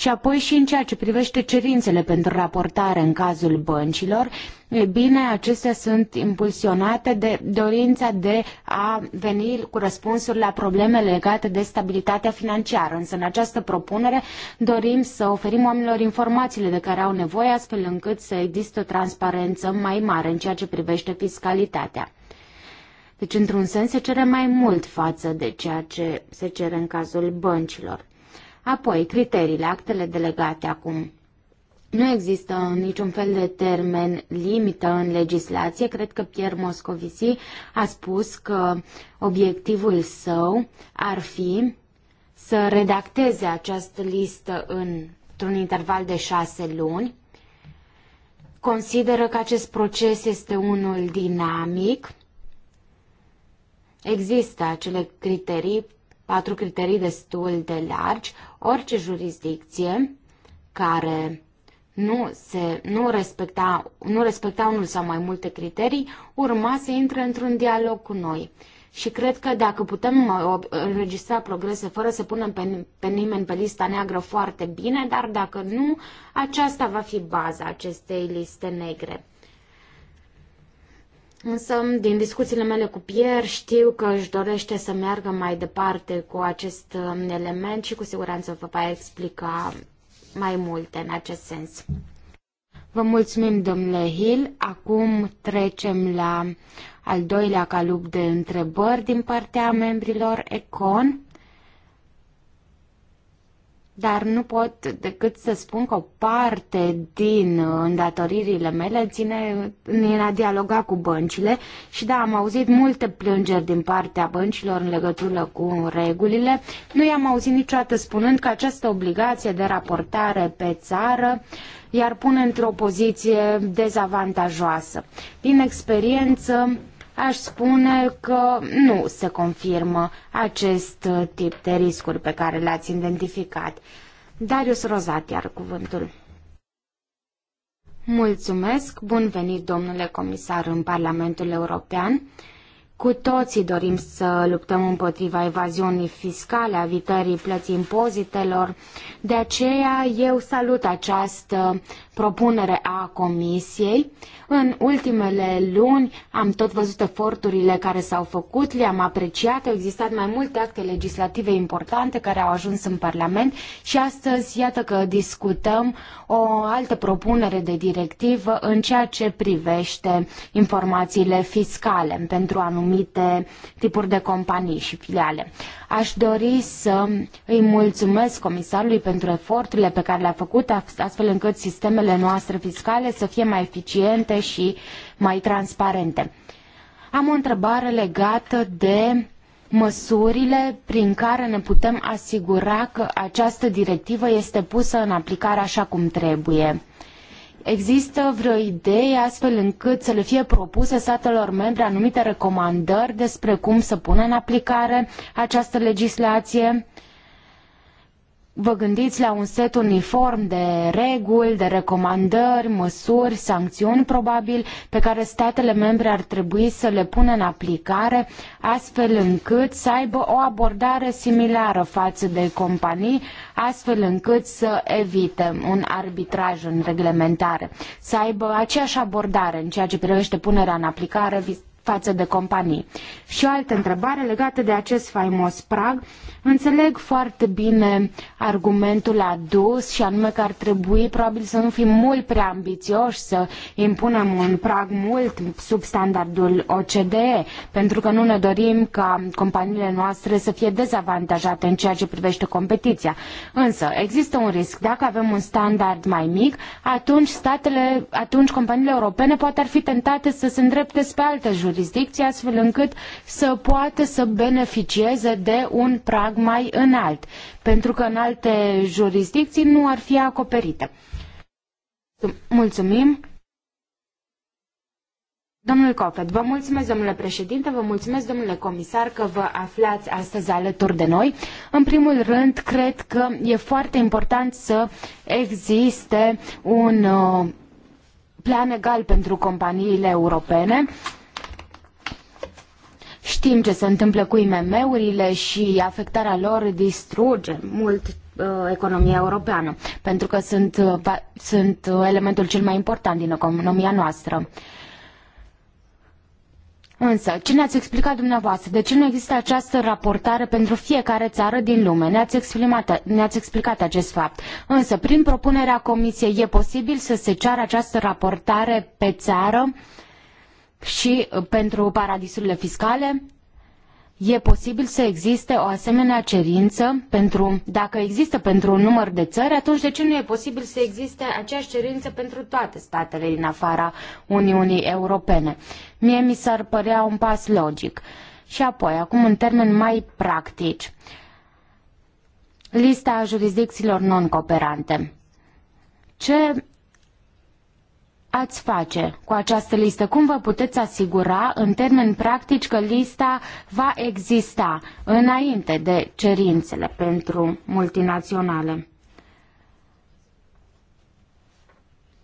S4: și apoi și în ceea ce privește cerințele pentru raportare în cazul băncilor, e bine, acestea sunt impulsionate de dorința de a veni cu răspunsuri la probleme legate de stabilitatea financiară. Însă în această propunere dorim să oferim oamenilor informațiile de care au nevoie, astfel încât să existe o transparență mai mare în ceea ce privește fiscalitatea. Deci, într-un sens, se cere mai mult față de ceea ce se cere în cazul băncilor. Apoi, criteriile, actele delegate acum. Nu există niciun fel de termen limită în legislație. Cred că Pierre Moscovici a spus că obiectivul său ar fi să redacteze această listă într-un interval de șase luni. Consideră că acest proces este unul dinamic. Există acele criterii patru criterii destul de largi, Orice jurisdicție care nu, se, nu, respecta, nu respecta unul sau mai multe criterii, urma să intre într-un dialog cu noi. Și cred că dacă putem înregistra progrese fără să punem pe, pe nimeni pe lista neagră foarte bine, dar dacă nu, aceasta va fi baza acestei liste negre. Însă, din discuțiile mele cu Pierre, știu că își dorește să meargă mai departe cu acest um, element și cu siguranță vă va explica mai multe în acest sens. Vă mulțumim, domnule Hill. Acum trecem la al doilea calup de întrebări din partea membrilor ECON dar nu pot decât să spun că o parte din uh, îndatoririle mele ține în a dialoga cu băncile și da, am auzit multe plângeri din partea băncilor în legătură cu regulile. Nu i-am auzit niciodată spunând că această obligație de raportare pe țară iar pune într-o poziție dezavantajoasă. Din experiență, aș spune că nu se confirmă acest uh, tip de riscuri pe care le-ați identificat. Darius Rozat iar cuvântul. Mulțumesc, bun venit domnule comisar în Parlamentul European. Cu toții dorim să luptăm împotriva evaziunii fiscale, evitării plății impozitelor. De aceea eu salut această propunere a Comisiei. În ultimele luni am tot văzut eforturile care s-au făcut, le-am apreciat, au existat mai multe acte legislative importante care au ajuns în Parlament și astăzi iată că discutăm o altă propunere de directivă în ceea ce privește informațiile fiscale pentru anumite tipuri de companii și filiale. Aș dori să îi mulțumesc comisarului pentru eforturile pe care le-a făcut, astfel încât sistemele noastre fiscale să fie mai eficiente și mai transparente. Am o întrebare legată de măsurile prin care ne putem asigura că această directivă este pusă în aplicare așa cum trebuie. Există vreo idee astfel încât să le fie propuse statelor membre anumite recomandări despre cum să pună în aplicare această legislație? vă gândiți la un set uniform de reguli, de recomandări, măsuri, sancțiuni probabil pe care statele membre ar trebui să le pună în aplicare astfel încât să aibă o abordare similară față de companii, astfel încât să evite un arbitraj în reglementare, să aibă aceeași abordare în ceea ce privește punerea în aplicare față de companii. Și o altă întrebare legată de acest faimos prag. Înțeleg foarte bine argumentul adus și anume că ar trebui probabil să nu fim mult prea ambițioși, să impunem un prag mult sub standardul OCDE, pentru că nu ne dorim ca companiile noastre să fie dezavantajate în ceea ce privește competiția. Însă, există un risc. Dacă avem un standard mai mic, atunci, statele, atunci companiile europene poate ar fi tentate să se îndrepte spre alte jurisdicții jurisdicție, astfel încât să poată să beneficieze de un prag mai înalt, pentru că în alte jurisdicții nu ar fi acoperită. Mulțumim! Domnul Cofet, vă mulțumesc, domnule președinte, vă mulțumesc, domnule comisar, că vă aflați astăzi alături de noi. În primul rând, cred că e foarte important să existe un uh, plan egal pentru companiile europene Știm ce se întâmplă cu IMM-urile și afectarea lor distruge mult uh, economia europeană, pentru că sunt, uh, sunt uh, elementul cel mai important din economia noastră. Însă, ce ne-ați explicat dumneavoastră? De ce nu există această raportare pentru fiecare țară din lume? Ne-ați explicat, ne explicat acest fapt. Însă, prin propunerea Comisiei, e posibil să se ceară această raportare pe țară uh, și uh, pentru paradisurile fiscale e posibil să existe o asemenea cerință pentru, dacă există pentru un număr de țări, atunci de ce nu e posibil să existe aceeași cerință pentru toate statele din afara Uniunii Europene? Mie mi s-ar părea un pas logic. Și apoi, acum în termeni mai practici, lista jurisdicțiilor non-cooperante. Ce ați face cu această listă? Cum vă puteți asigura în termeni practici că lista va exista înainte de cerințele pentru multinaționale?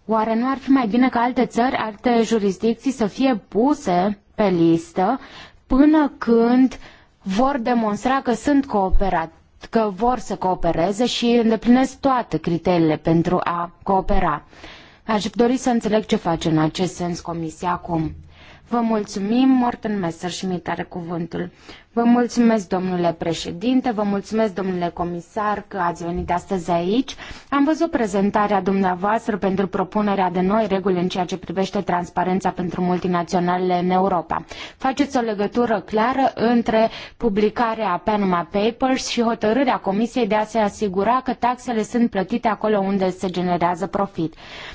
S4: Oare nu ar fi mai bine ca alte țări, alte jurisdicții să fie puse pe listă până când vor demonstra că sunt cooperat, că vor să coopereze și îndeplinesc toate criteriile pentru a coopera? Aș dori să înțeleg ce face în acest sens Comisia acum. Vă mulțumim, Morten Messer, și mi tare cuvântul. Vă mulțumesc, domnule președinte, vă mulțumesc, domnule comisar, că ați venit astăzi aici. Am văzut prezentarea dumneavoastră pentru propunerea de noi reguli în ceea ce privește transparența pentru multinaționalele în Europa. Faceți o legătură clară între publicarea Panama Papers și hotărârea Comisiei de a se asigura că taxele sunt plătite acolo unde se generează profit.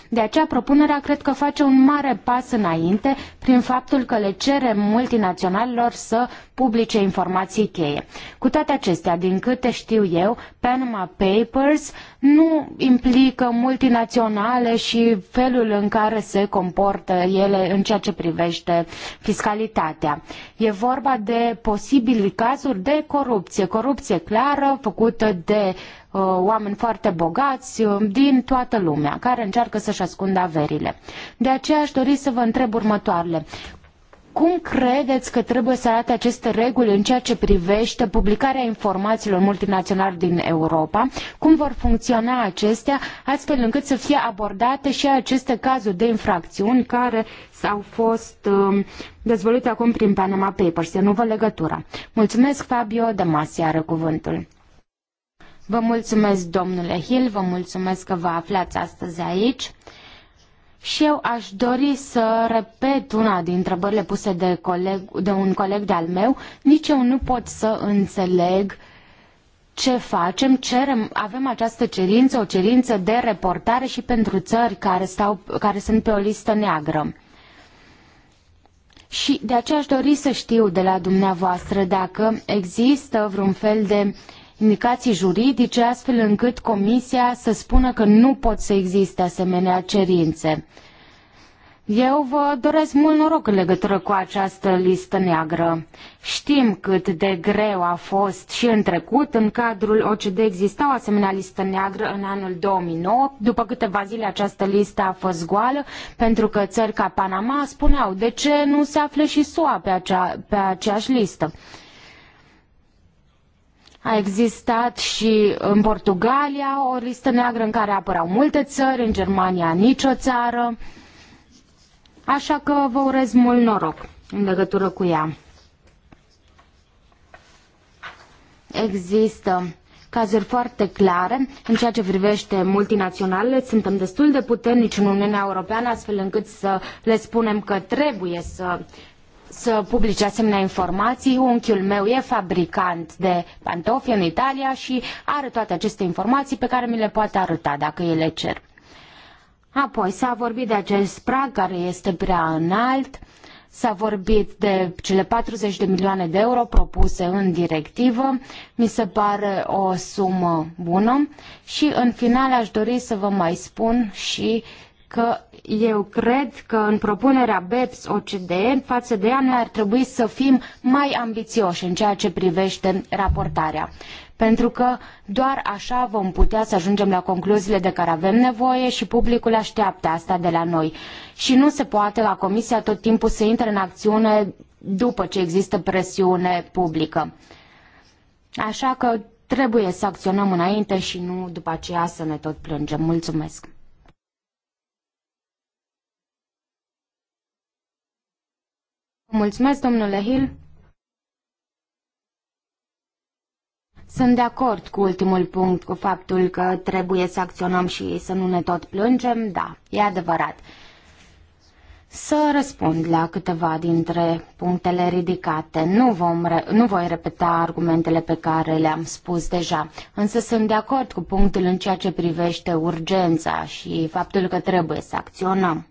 S4: De aceea, propunerea cred că face un mare pas înainte prin faptul că le cere multinaționalelor să publice informații cheie. Cu toate acestea, din câte știu eu, Panama Papers nu implică multinaționale și felul în care se comportă ele în ceea ce privește fiscalitatea. E vorba de posibili cazuri de corupție, corupție clară făcută de uh, oameni foarte bogați uh, din toată lumea, care încearcă să-și ascundă averile. De aceea aș dori să vă întreb următoarele. Cum credeți că trebuie să arate aceste reguli în ceea ce privește publicarea informațiilor multinaționale din Europa? Cum vor funcționa acestea astfel încât să fie abordate și aceste cazuri de infracțiuni care s-au fost um, dezvăluite acum prin Panama Papers? Eu nu vă legătura. Mulțumesc, Fabio de Masi are cuvântul. Vă mulțumesc, domnule Hill, vă mulțumesc că vă aflați astăzi aici. Și eu aș dori să repet una din întrebările puse de, coleg, de un coleg de-al meu. Nici eu nu pot să înțeleg ce facem, cerem, avem această cerință, o cerință de reportare și pentru țări care, stau, care sunt pe o listă neagră. Și de aceea aș dori să știu de la dumneavoastră dacă există vreun fel de uh, indicații juridice, astfel încât Comisia să spună că nu pot să existe asemenea cerințe. Eu vă doresc mult noroc în legătură cu această listă neagră. Știm cât de greu a fost și în trecut. În cadrul OCD exista o asemenea listă neagră în anul 2009. După câteva zile această listă a fost goală pentru că țări ca Panama spuneau de ce nu se află și SUA pe, acea, pe aceeași listă. A existat și în Portugalia o listă neagră în care apărau multe țări, în Germania nicio țară. Așa că vă urez mult noroc în legătură cu ea. Există cazuri foarte clare în ceea ce privește multinaționalele. Suntem destul de puternici în Uniunea Europeană, astfel încât să le spunem că trebuie să să publice asemenea informații. Unchiul meu e fabricant de pantofi în Italia și are toate aceste informații pe care mi le poate arăta dacă ele cer. Apoi s-a vorbit de acest prag care este prea înalt, s-a vorbit de cele 40 de milioane de euro propuse în directivă, mi se pare o sumă bună și în final aș dori să vă mai spun și că eu cred că în propunerea BEPS OCD față de ea noi ar trebui să fim mai ambițioși în ceea ce privește raportarea. Pentru că doar așa vom putea să ajungem la concluziile de care avem nevoie și publicul așteaptă asta de la noi. Și nu se poate la Comisia tot timpul să intre în acțiune după ce există presiune publică. Așa că trebuie să acționăm înainte și nu după aceea să ne tot plângem. Mulțumesc! Mulțumesc, domnule Hill. Sunt de acord cu ultimul punct, cu faptul că trebuie să acționăm și să nu ne tot plângem, da, e adevărat. Să răspund la câteva dintre punctele ridicate. Nu, vom re- nu voi repeta argumentele pe care le-am spus deja, însă sunt de acord cu punctul în ceea ce privește urgența și faptul că trebuie să acționăm.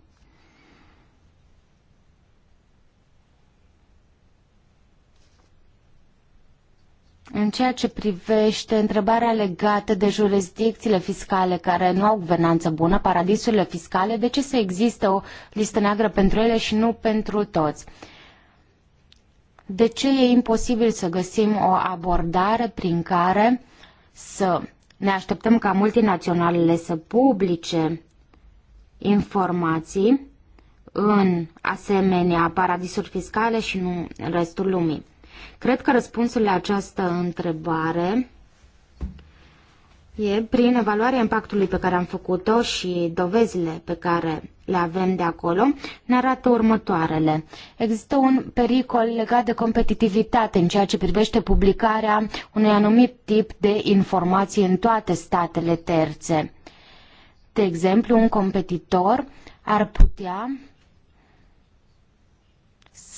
S4: În ceea ce privește întrebarea legată de jurisdicțiile fiscale care nu au guvernanță bună, paradisurile fiscale, de ce să existe o listă neagră pentru ele și nu pentru toți? De ce e imposibil să găsim o abordare prin care să ne așteptăm ca multinaționalele să publice informații în asemenea paradisuri fiscale și nu în restul lumii? Cred că răspunsul la această întrebare e prin evaluarea impactului pe care am făcut-o și dovezile pe care le avem de acolo, ne arată următoarele. Există un pericol legat de competitivitate în ceea ce privește publicarea unui anumit tip de informații în toate statele terțe. De exemplu, un competitor ar putea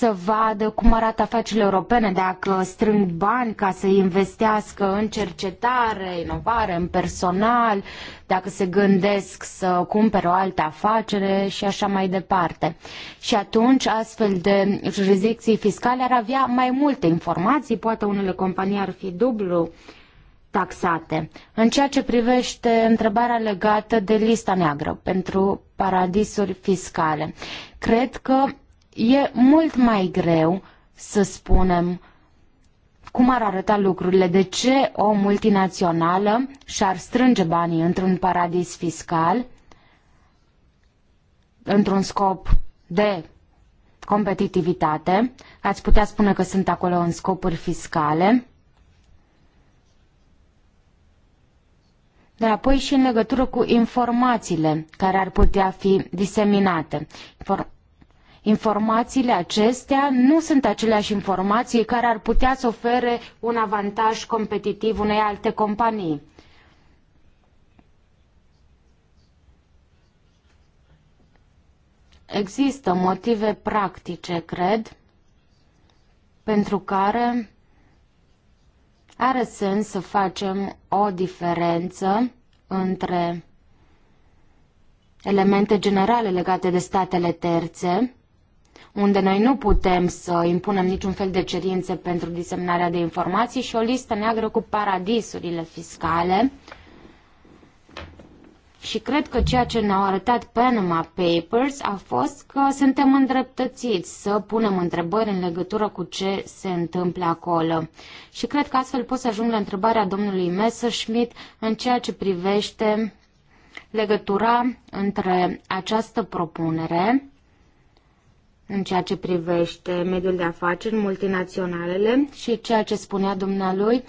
S4: să vadă cum arată afacerile europene, dacă strâng bani ca să investească în cercetare, inovare, în personal, dacă se gândesc să cumpere o altă afacere și așa mai departe. Și atunci astfel de jurisdicții fiscale ar avea mai multe informații, poate unele companii ar fi dublu taxate. În ceea ce privește întrebarea legată de lista neagră pentru paradisuri fiscale, cred că e mult mai greu să spunem cum ar arăta lucrurile, de ce o multinațională și-ar strânge banii într-un paradis fiscal, într-un scop de competitivitate, ați putea spune că sunt acolo în scopuri fiscale, dar apoi și în legătură cu informațiile care ar putea fi diseminate. Inform Informațiile acestea nu sunt aceleași informații care ar putea să ofere un avantaj competitiv unei alte companii. Există motive practice, cred, pentru care are sens să facem o diferență între elemente generale legate de statele terțe unde noi nu putem să impunem niciun fel de cerințe pentru disemnarea de informații și o listă neagră cu paradisurile fiscale. Și cred că ceea ce ne-au arătat Panama Papers a fost că suntem îndreptățiți să punem întrebări în legătură cu ce se întâmplă acolo. Și cred că astfel pot să ajung la întrebarea domnului Messerschmidt în ceea ce privește legătura între această propunere în ceea ce privește mediul de afaceri, multinaționalele și ceea ce spunea dumnealui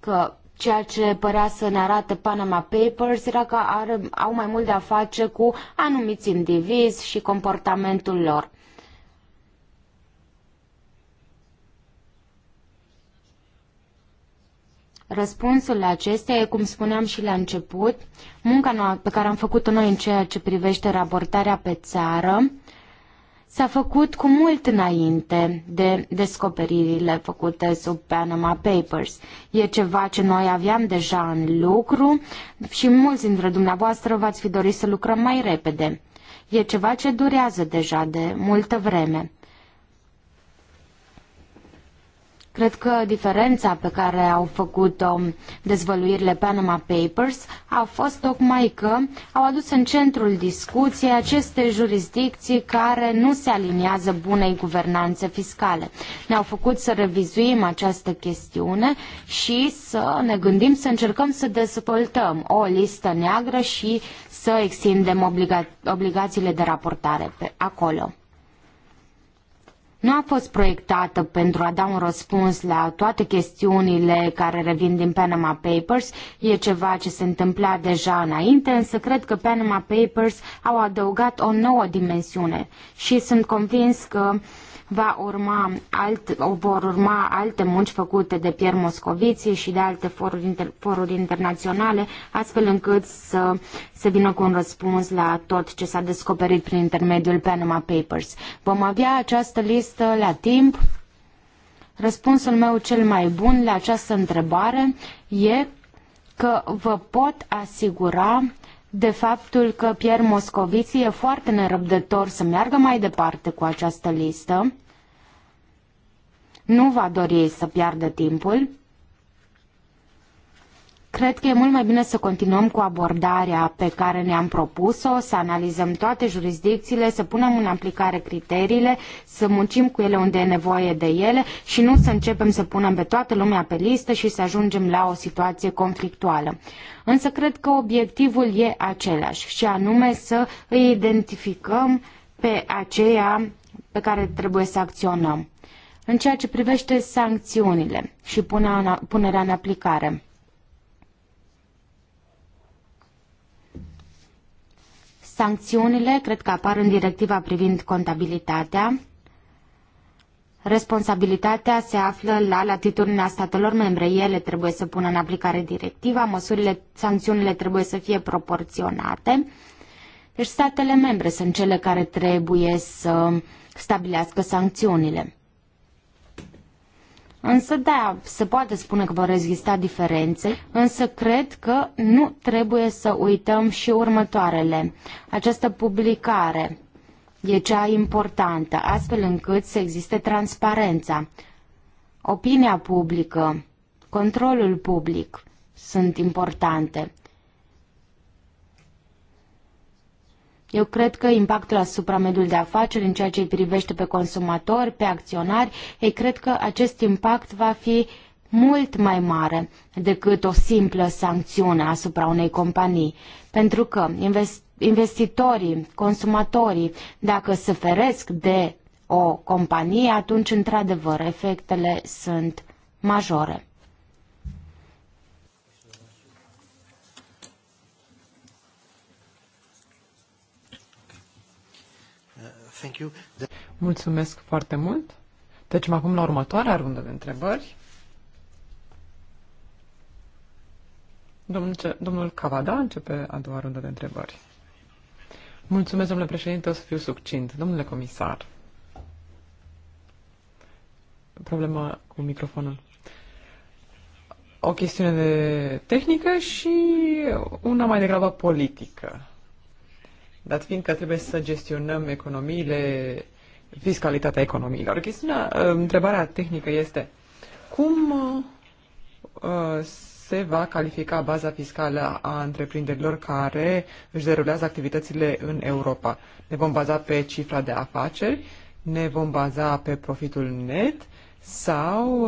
S4: că ceea ce părea să ne arate Panama Papers era că are, au mai mult de a face cu anumiți indivizi și comportamentul lor. Răspunsul la acestea e, cum spuneam și la început, munca pe care am făcut-o noi în ceea ce privește raportarea pe țară, s-a făcut cu mult înainte de descoperirile făcute sub Panama Papers. E ceva ce noi aveam deja în lucru și mulți dintre dumneavoastră v-ați fi dorit să lucrăm mai repede. E ceva ce durează deja de multă vreme. Cred că diferența pe care au făcut-o dezvăluirile Panama Papers a fost tocmai că au adus în centrul discuției aceste jurisdicții care nu se aliniază bunei guvernanțe fiscale. Ne-au făcut să revizuim această chestiune și să ne gândim să încercăm să dezvoltăm o listă neagră și să extindem obliga- obligațiile de raportare pe acolo nu a fost proiectată pentru a da un răspuns la toate chestiunile care revin din Panama Papers. E ceva ce se întâmpla deja înainte, însă cred că Panama Papers au adăugat o nouă dimensiune și sunt convins că uh, Va urma alt, vor urma alte munci făcute de Pierre Moscovici și de alte foruri, inter, foruri internaționale, astfel încât să se vină cu un răspuns la tot ce s-a descoperit prin intermediul Panama Papers. Vom avea această listă la timp. Răspunsul meu cel mai bun la această întrebare e că vă pot asigura de faptul că Pierre Moscovici e foarte nerăbdător să meargă mai departe cu această listă. Nu va dori să piardă timpul. Cred că e mult mai bine să continuăm cu abordarea pe care ne-am propus-o, să analizăm toate jurisdicțiile, să punem în aplicare criteriile, să muncim cu ele unde e nevoie de ele și nu să începem să punem pe toată lumea pe listă și să ajungem la o situație conflictuală. Însă cred că obiectivul e același și anume să îi identificăm pe aceea pe care trebuie să acționăm. În ceea ce privește sancțiunile și punerea în aplicare, Sancțiunile cred că apar în directiva privind contabilitatea. Responsabilitatea se află la latitudinea statelor membre. Ele trebuie să pună în aplicare directiva, măsurile, sancțiunile trebuie să fie proporționate. Deci statele membre sunt cele care trebuie să stabilească sancțiunile. Însă, da, se poate spune că vor exista diferențe, însă cred că nu trebuie să uităm și următoarele. Această publicare e cea importantă, astfel încât să existe transparența. Opinia publică, controlul public sunt importante. Eu cred că impactul asupra mediului de afaceri, în ceea ce îi privește pe consumatori, pe acționari, ei cred că acest impact va fi mult mai mare decât o simplă sancțiune asupra unei companii. Pentru că investitorii, consumatorii, dacă se feresc de o companie, atunci, într-adevăr, efectele sunt majore.
S1: Thank you.
S2: Mulțumesc foarte mult. Trecem acum la următoarea rundă de întrebări. Domnul, domnul Cavada începe a doua rundă de întrebări. Mulțumesc, domnule președinte, o să fiu succint. Domnule comisar, problema cu microfonul. O chestiune de tehnică și una mai degrabă politică dat fiind că trebuie să gestionăm economiile, fiscalitatea economiilor. Chestiunea, ă, întrebarea tehnică este cum ă, ă, se va califica baza fiscală a întreprinderilor care își derulează activitățile în Europa. Ne vom baza pe cifra de afaceri, ne vom baza pe profitul net sau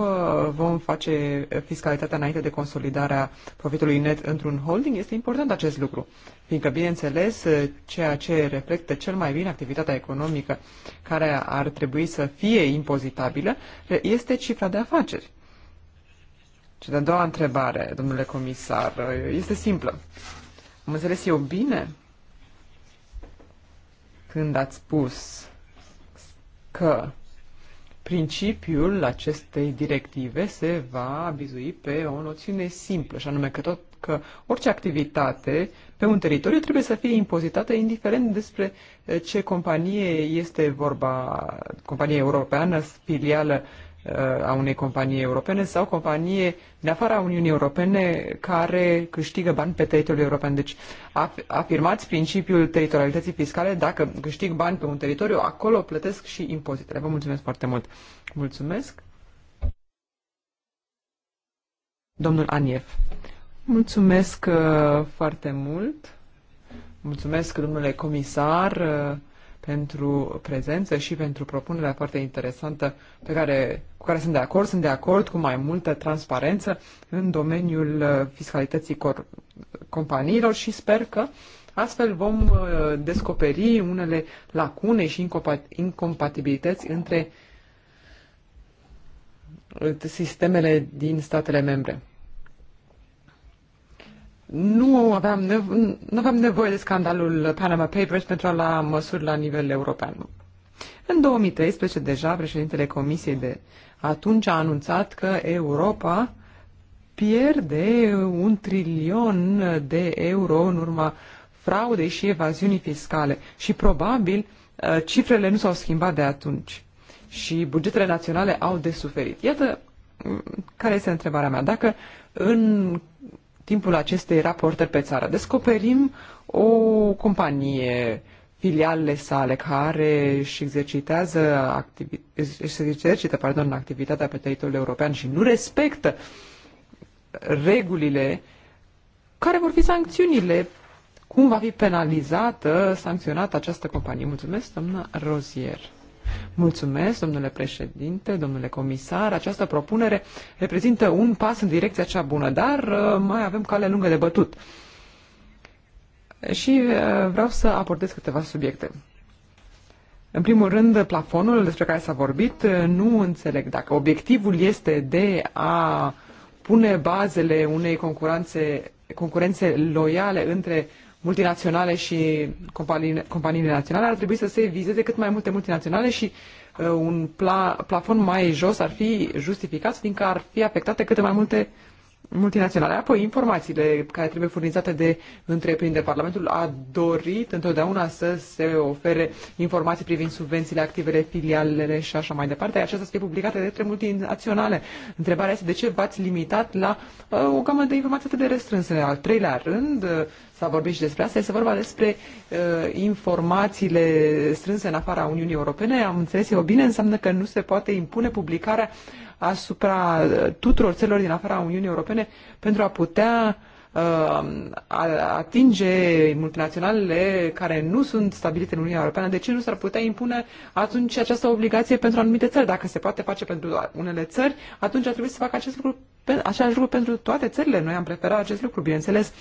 S2: vom face fiscalitatea înainte de consolidarea profitului net într-un holding? Este important acest lucru fiindcă, bineînțeles, eh, ceea ce reflectă cel mai bine activitatea economică care ar trebui să fie impozitabilă eh, este cifra de afaceri. Și de-a doua întrebare, domnule comisar, eh, este simplă. Am înțeles eu bine când ați spus că principiul acestei directive se va bizui pe o noțiune simplă, și anume că, tot, că orice activitate pe un teritoriu trebuie să fie impozitată indiferent despre eh, ce companie este vorba, companie europeană, filială eh, a unei companii europene sau companie de afara Uniunii Europene care câștigă bani pe teritoriul european. Deci af- afirmați principiul teritorialității fiscale, dacă câștig bani pe un teritoriu, acolo plătesc și impozitele. Vă mulțumesc foarte mult. Mulțumesc. Domnul Aniev. Mulțumesc uh, foarte mult. Mulțumesc, domnule comisar, uh, pentru prezență și pentru propunerea foarte interesantă pe care, cu care sunt de acord. Sunt de acord cu mai multă transparență în domeniul uh, fiscalității companiilor și sper că astfel vom descoperi unele lacune și incompatibilități între sistemele din statele membre nu aveam, nevo- nu aveam nevoie de scandalul Panama Papers pentru a lua măsuri la nivel european. În 2013, deja, președintele Comisiei de atunci a anunțat că Europa pierde un trilion de euro în urma fraudei și evaziunii fiscale și probabil uh, cifrele nu s-au schimbat de atunci și bugetele naționale au de suferit. Iată mm, care este întrebarea mea. Dacă în timpul acestei raportări pe țară. Descoperim o companie, filialele sale, care își exercitează activi- își exercită, pardon, activitatea pe teritoriul european și nu respectă regulile, care vor fi sancțiunile? Cum va fi penalizată, sancționată această companie? Mulțumesc, doamna Rozier. Mulțumesc, domnule președinte, domnule comisar. Această propunere reprezintă un pas în direcția cea bună, dar uh, mai avem cale lungă de bătut. Și uh, vreau să abordez câteva subiecte. În primul rând, plafonul despre care s-a vorbit, uh, nu înțeleg dacă obiectivul este de a pune bazele unei concurențe, concurențe loiale între multinaționale și companii, companiile naționale, ar trebui să se vizeze cât mai multe multinaționale și uh, un pla, plafon mai jos ar fi justificat, fiindcă ar fi afectate câte mai multe multinaționale. Apoi, informațiile care trebuie furnizate de întreprinderi. Parlamentul a dorit întotdeauna să se ofere informații privind subvențiile, activele, filialele și așa mai departe. Aceasta să fie publicată de trei multinaționale. Întrebarea este de ce v-ați limitat la uh, o gamă de informații atât de restrânse. Al treilea rând, uh, s-a vorbit și despre asta, este vorba despre uh, informațiile strânse în afara Uniunii Europene. Am înțeles eu bine, înseamnă că nu se poate impune publicarea uh, asupra uh, tuturor țărilor din afara Uniunii Europene pentru a putea uh, atinge multinaționalele care nu sunt stabilite în Uniunea Europeană, de ce nu s-ar putea impune atunci această obligație pentru anumite țări? Dacă se poate face pentru unele țări, atunci ar trebui să facă acest lucru, același lucru pentru toate țările. Noi am preferat acest lucru, bineînțeles,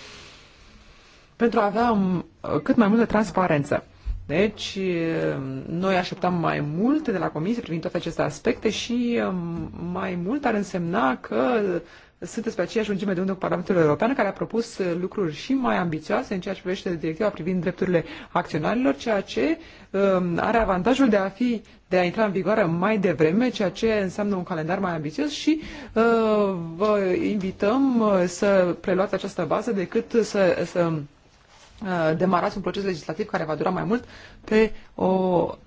S2: pentru a avea um, cât mai multă transparență. Deci, noi așteptam mai multe de la comisie privind toate aceste aspecte și mai mult ar însemna că sunteți pe aceeași lungime de undă cu Parlamentul European, care a propus lucruri și mai ambițioase în ceea ce privește directiva privind drepturile acționarilor, ceea ce um, are avantajul de a fi de a intra în vigoare mai devreme, ceea ce înseamnă un calendar mai ambițios și uh, vă invităm să preluați această bază decât să, să Uh, demarați un proces legislativ care va dura mai mult pe o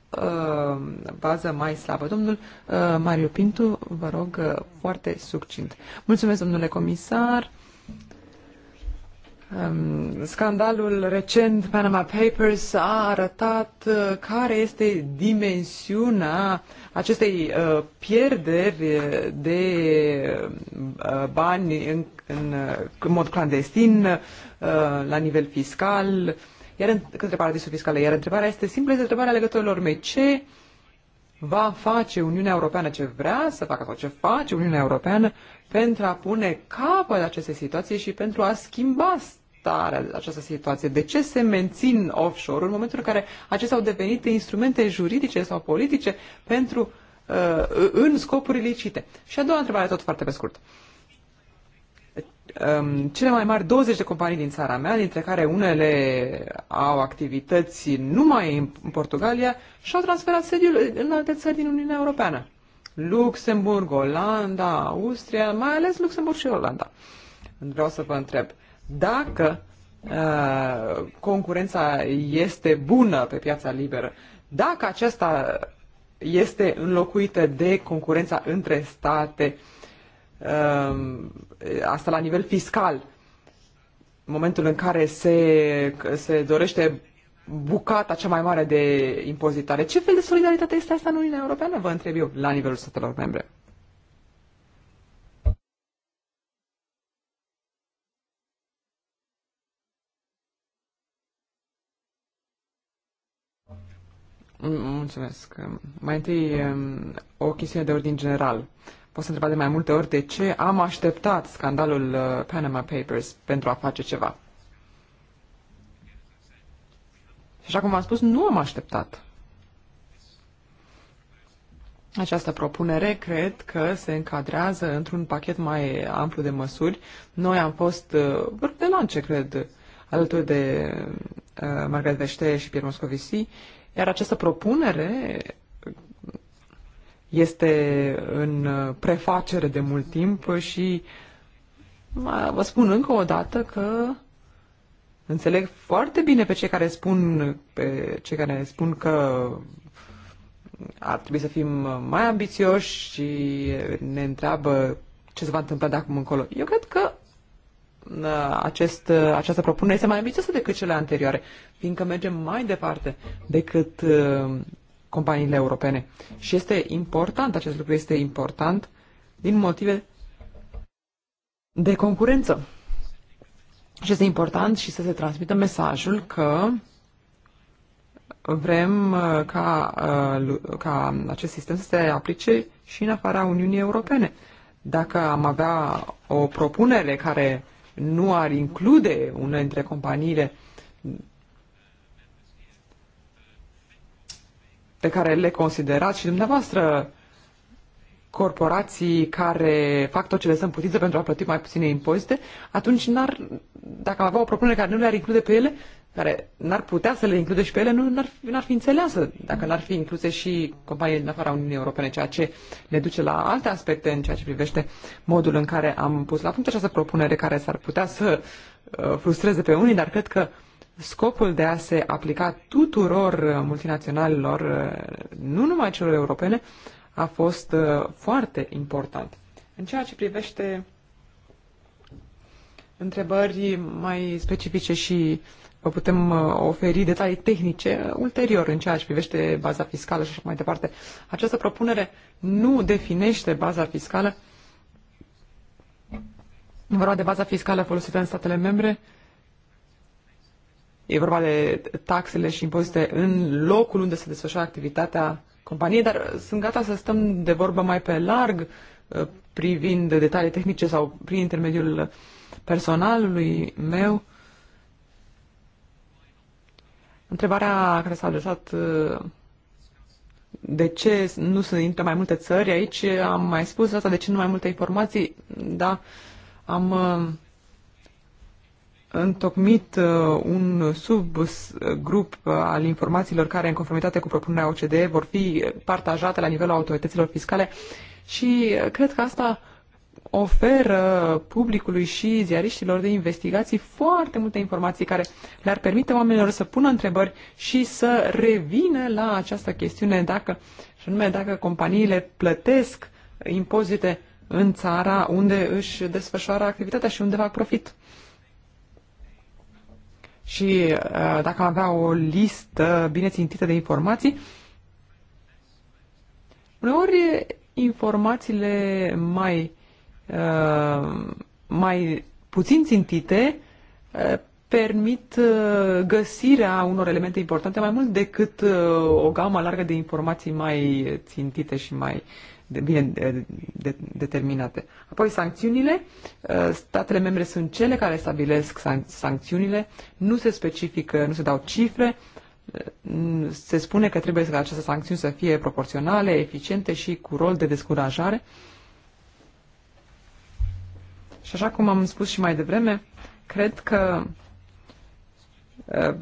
S2: uh, bază mai slabă. Domnul uh, Mario Pintu, vă rog foarte succint. Mulțumesc, domnule comisar. Um, scandalul recent Panama Papers a arătat care este dimensiunea acestei pierderi de bani în, în, în mod clandestin, Uh, la nivel fiscal, iar către paradisuri fiscale. Iar întrebarea este simplă, este întrebarea legătorilor mei. Ce va face Uniunea Europeană, ce vrea să facă sau ce face Uniunea Europeană pentru a pune capăt aceste situații și pentru a schimba starea această situație? De ce se mențin offshore în momentul în care acestea au devenit instrumente juridice sau politice pentru uh, în scopuri ilicite? Și a doua întrebare, tot foarte pe scurt. Uh, um, cele mai mari 20 de companii din țara mea, dintre care unele au activități numai în Portugalia și au transferat sediul în alte țări din Uniunea Europeană. Luxemburg, Olanda, Austria, mai ales Luxemburg și Olanda. Vreau să vă întreb dacă uh, concurența este bună pe piața liberă, dacă aceasta este înlocuită de concurența între state, uh, Eh, asta la nivel fiscal. În momentul în care se, se dorește bucata cea mai mare de impozitare. Ce fel de solidaritate este asta în Uniunea Europeană, vă întreb eu, la nivelul statelor membre? Mulțumesc. Mai întâi, o chestiune de ordin general fost întrebat de mai multe ori de ce am așteptat scandalul uh, Panama Papers pentru a face ceva. Și așa cum am spus, nu am așteptat. Această propunere cred că se încadrează într-un pachet mai amplu de măsuri. Noi am fost uh, vârf de lance, cred, alături de uh, Margaret Vește și Pierre Moscovici, iar această propunere este în prefacere de mult timp și vă spun încă o dată că înțeleg foarte bine pe cei care spun, pe cei care spun că ar trebui să fim mai ambițioși și ne întreabă ce se va întâmpla de acum încolo. Eu cred că uh, acest, uh, această propunere este mai ambițioasă decât cele anterioare, fiindcă mergem mai departe decât uh, companiile europene. Și este important, acest lucru este important din motive de concurență. Și este important și să se transmită mesajul că vrem uh, ca, uh, ca acest sistem să se aplice și în afara Uniunii Europene. Dacă am avea o propunere care nu ar include una dintre companiile pe care le considerați și dumneavoastră corporații care fac tot ce le sunt putință pentru a plăti mai puține impozite, atunci n-ar, dacă am avea o propunere care nu le-ar include pe ele, care n-ar putea să le include și pe ele, nu n-ar, n-ar fi înțeleasă dacă n-ar fi incluse și companiile din afara Uniunii Europene, ceea ce ne duce la alte aspecte în ceea ce privește modul în care am pus la punct această propunere care s-ar putea să uh, frustreze pe unii, dar cred că uh, scopul de a se aplica tuturor uh, multinaționalilor, uh, nu numai celor europene, a fost uh, foarte important. În ceea ce privește întrebări mai specifice și vă putem oferi detalii tehnice ulterior în ceea ce privește baza fiscală și așa mai departe. Această propunere nu definește baza fiscală. Vorba de baza fiscală folosită în statele membre, E vorba de taxele și impozite în locul unde se desfășoară activitatea companiei, dar sunt gata să stăm de vorbă mai pe larg uh, privind detalii tehnice sau prin intermediul personalului meu. Întrebarea care s-a adresat uh, de ce nu se intră mai multe țări aici, am mai spus asta, de ce nu mai multe informații, da, am uh, întocmit uh, un subgrup uh, al informațiilor care, în conformitate cu propunerea OCDE, vor fi partajate la nivelul autorităților fiscale și uh, cred că asta oferă publicului și ziariștilor de investigații foarte multe informații care le-ar permite oamenilor să pună întrebări și să revină la această chestiune dacă, și anume dacă companiile plătesc impozite în țara unde își desfășoară activitatea și unde fac profit și uh, dacă am avea o listă bine țintită de informații, uneori informațiile mai, uh, mai puțin țintite uh, permit găsirea unor elemente importante mai mult decât o gamă largă de informații mai țintite și mai de, bine de, de, determinate. Apoi sancțiunile. Uh, statele membre sunt cele care stabilesc san, sancțiunile. Nu se specifică, nu se dau cifre. Uh, se spune că trebuie ca aceste sancțiuni să fie proporționale, eficiente și cu rol de descurajare. Și așa cum am spus și mai devreme, cred că uh,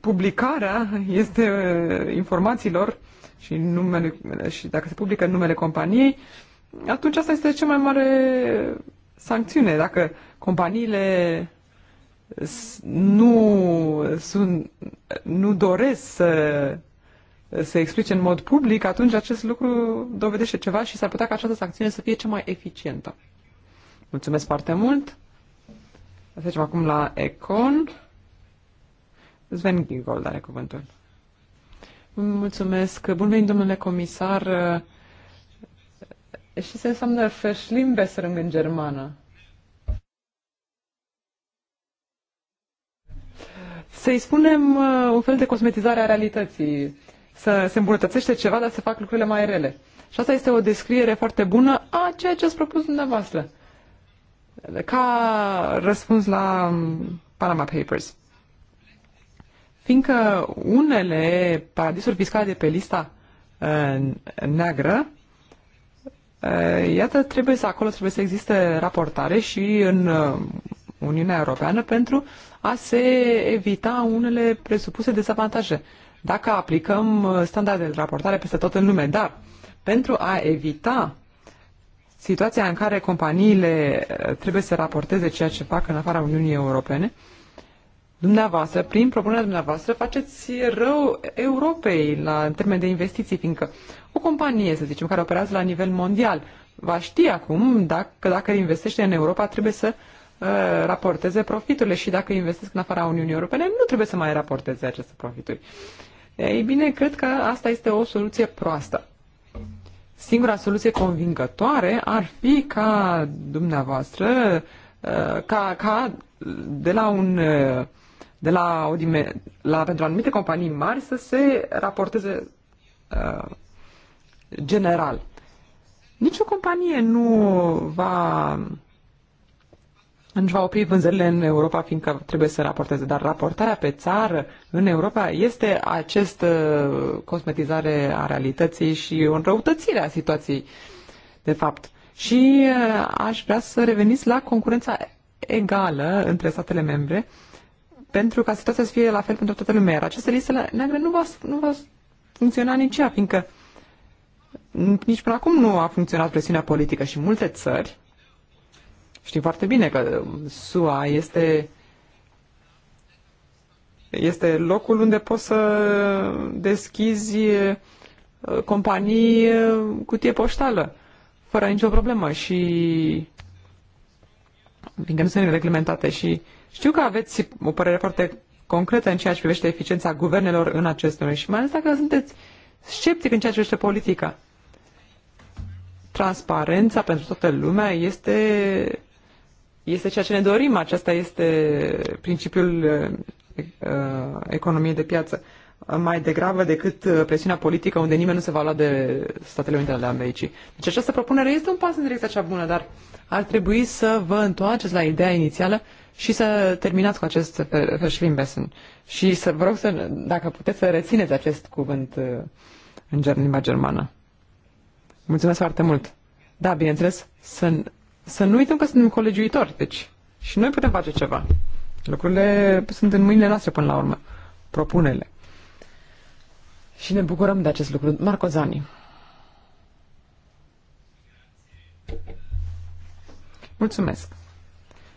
S2: publicarea este informațiilor și, numele, și dacă se publică numele companiei, atunci asta este cea mai mare sancțiune. Dacă companiile nu, sunt, nu doresc să se explice în mod public, atunci acest lucru dovedește ceva și s-ar putea ca această sancțiune să fie cea mai eficientă. Mulțumesc foarte mult! Să trecem acum la Econ. Sven Gingold are cuvântul. Mulțumesc. Bun venit, domnule comisar. Și se înseamnă Verschlimmbesserung în germană. Să-i spunem uh, un fel de cosmetizare a realității. Să se îmbunătățește ceva, dar se fac lucrurile mai rele. Și asta este o descriere foarte bună a ceea ce ați propus dumneavoastră. Ca răspuns la um, Panama Papers fiindcă unele paradisuri fiscale de pe lista uh, neagră, uh, iată, trebuie să acolo trebuie să existe raportare și în uh, Uniunea Europeană pentru a se evita unele presupuse dezavantaje. Dacă aplicăm standarde de raportare peste tot în lume, dar pentru a evita situația în care companiile trebuie să raporteze ceea ce fac în afara Uniunii Europene, Dumneavoastră, prin propunerea dumneavoastră, faceți rău Europei la, în termen de investiții, fiindcă o companie, să zicem, care operează la nivel mondial, va ști acum dacă, că dacă investește în Europa, trebuie să uh, raporteze profiturile și dacă investesc în afara Uniunii Europene, nu trebuie să mai raporteze aceste profituri. Ei bine, cred că asta este o soluție proastă. Singura soluție convingătoare ar fi ca dumneavoastră, uh, ca, ca de la un uh, de la, o dime- la pentru anumite companii mari să se raporteze uh, general. Nici o companie nu va nu va opri vânzările în Europa, fiindcă trebuie să raporteze. Dar raportarea pe țară în Europa este acest uh, cosmetizare a realității și o înrăutățire a situației, de fapt. Și uh, aș vrea să reveniți la concurența egală între statele membre uh, pentru ca situația să fie la fel pentru toată lumea. Iar această listă neagră nu va, nu va funcționa nici ea, fiindcă nici până acum nu a funcționat presiunea politică și multe țări, știu foarte bine că SUA este este locul unde poți să deschizi uh, companii uh, cutie poștală, fără nicio problemă și fiindcă nu sunt reglementate și știu că aveți o părere foarte concretă în ceea ce privește eficiența guvernelor în acest domeniu și mai ales dacă sunteți sceptic în ceea ce privește politica. Transparența pentru toată lumea este, este ceea ce ne dorim. acesta este principiul uh, uh, economiei de piață. Mai degrabă decât uh, presiunea politică unde nimeni nu se va lua de Statele Unite ale Americii. Deci această propunere este un pas în direcția cea bună, dar ar trebui să vă întoarceți la ideea inițială și să terminați cu acest verschlimbessen. Și să vă rog să, dacă puteți să rețineți acest cuvânt uh, în limba germană. Mulțumesc foarte mult. Da, bineînțeles, să, să nu uităm că suntem colegiuitori, deci și noi putem face ceva. Lucrurile sunt în mâinile noastre până la urmă. Propunele. Și ne bucurăm de acest lucru. Marco Zani. Mulțumesc.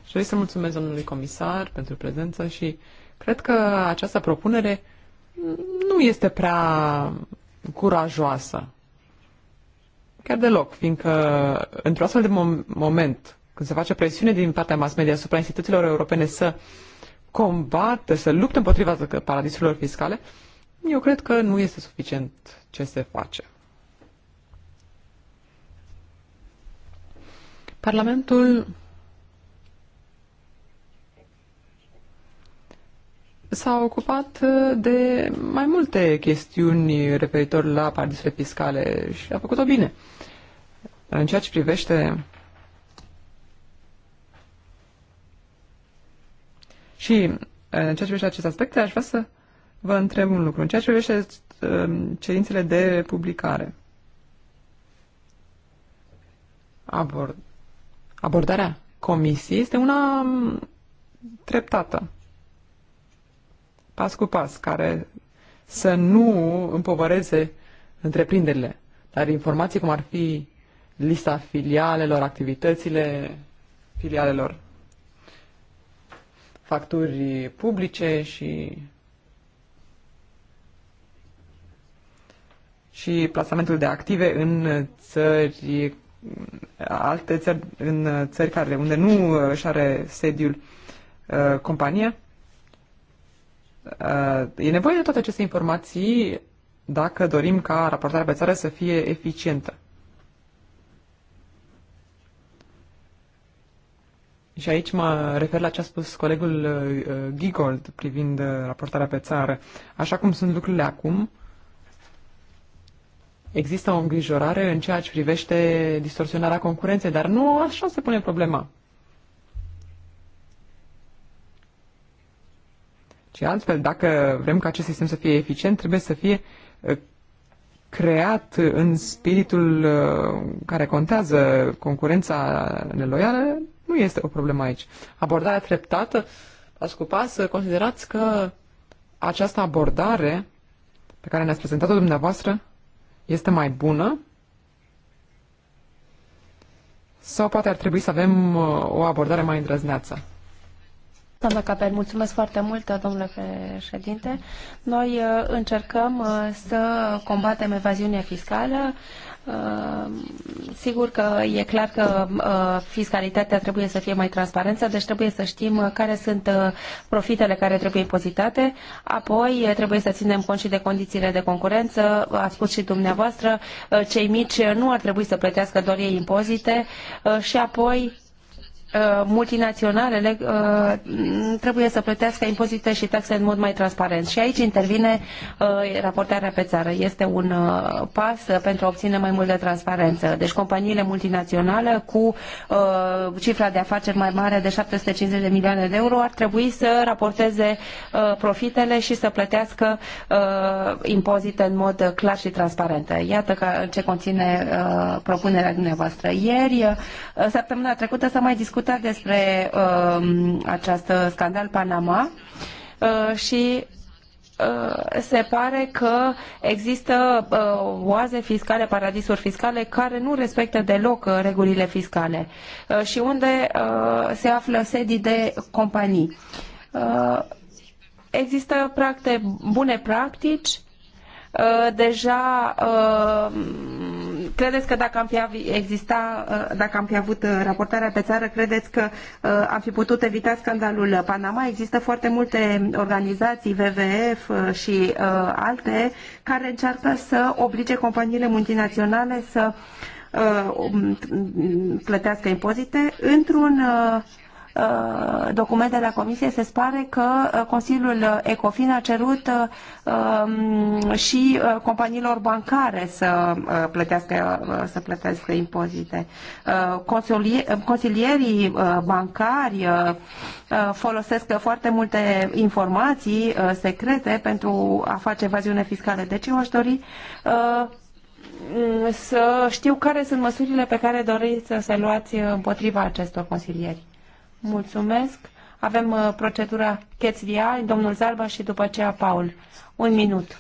S2: Și vreau să mulțumesc domnului comisar pentru prezență și cred că această propunere nu este prea curajoasă. Chiar deloc, fiindcă într-un astfel de mom- moment, când se face presiune din partea mass media asupra instituțiilor europene să combată, să lupte împotriva paradisurilor fiscale, eu cred că nu este suficient ce se face. Parlamentul s-a ocupat uh, de mai multe chestiuni referitor la paradisurile fiscale și a făcut-o bine. în ceea ce privește și uh, în ceea ce privește acest aspect, aș vrea să vă întreb un lucru. În ceea ce privește um, cerințele de publicare, abord, abordarea comisiei este una um, treptată pas cu pas, care să nu împovăreze întreprinderile. Dar informații cum ar fi lista filialelor, activitățile filialelor, facturi publice și și plasamentul de active în țări alte țări, în țări care, unde nu își are sediul uh, compania, Uh, e nevoie de toate aceste informații dacă dorim ca raportarea pe țară să fie eficientă. Și aici mă refer la ce a spus colegul uh, Gigold privind uh, raportarea pe țară. Așa cum sunt lucrurile acum, există o îngrijorare în ceea ce privește distorsionarea concurenței, dar nu așa se pune problema. Și, altfel, dacă vrem ca acest sistem să fie eficient, trebuie să fie uh, creat în spiritul uh, care contează concurența neloială, nu este o problemă aici. Abordarea treptată, pas cu pas, uh, considerați că această abordare pe care ne-ați prezentat-o dumneavoastră este mai bună? Sau poate ar trebui să avem o abordare mai îndrăzneață?
S3: Doamna Capel, mulțumesc foarte mult, domnule președinte. Noi uh, încercăm uh, să combatem evaziunea fiscală. Uh, sigur că e clar că fiscalitatea trebuie să fie mai transparentă, deci trebuie să știm care sunt profitele care trebuie impozitate, apoi trebuie să ținem cont și de condițiile de concurență, A spus și dumneavoastră, cei mici nu ar trebui să plătească doar ei impozite și apoi Uh, multinaționalele uh, trebuie să plătească impozite și taxe în mod mai transparent. Și aici intervine uh, raportarea pe țară. Este un pas pentru a obține mai multă transparență. Deci companiile multinaționale cu cifra de afaceri mai mare de 750 de milioane de euro ar trebui să raporteze profitele și să plătească impozite în mod clar și transparent. Iată ce conține propunerea dumneavoastră. Ieri, săptămâna trecută, s-a mai discutat discutat despre uh, um, acest scandal Panama uh, și uh, se pare că există uh, oaze fiscale, paradisuri fiscale care nu respectă deloc uh, regulile fiscale și unde se află sedii de companii. Există practe, bune practici, deja Credeți că dacă am fi, exista, uh, dacă am fi avut uh, raportarea pe țară, credeți că uh, am fi putut evita scandalul Panama? Există foarte multe organizații, WWF și alte, care încearcă să oblige companiile multinaționale să um, plătească impozite într-un Uh, documente de la Comisie se spare că uh, Consiliul Ecofin a cerut uh, um, și companiilor bancare să plătească, să plătească impozite. Consilierii bancari folosesc foarte multe informații secrete pentru a face evaziune fiscală. Deci ce aș dori să știu care sunt măsurile pe care doriți să le luați împotriva acestor consilieri. Mulțumesc. Avem uh, procedura Catch domnul Zarba și după aceea Paul. Un minut.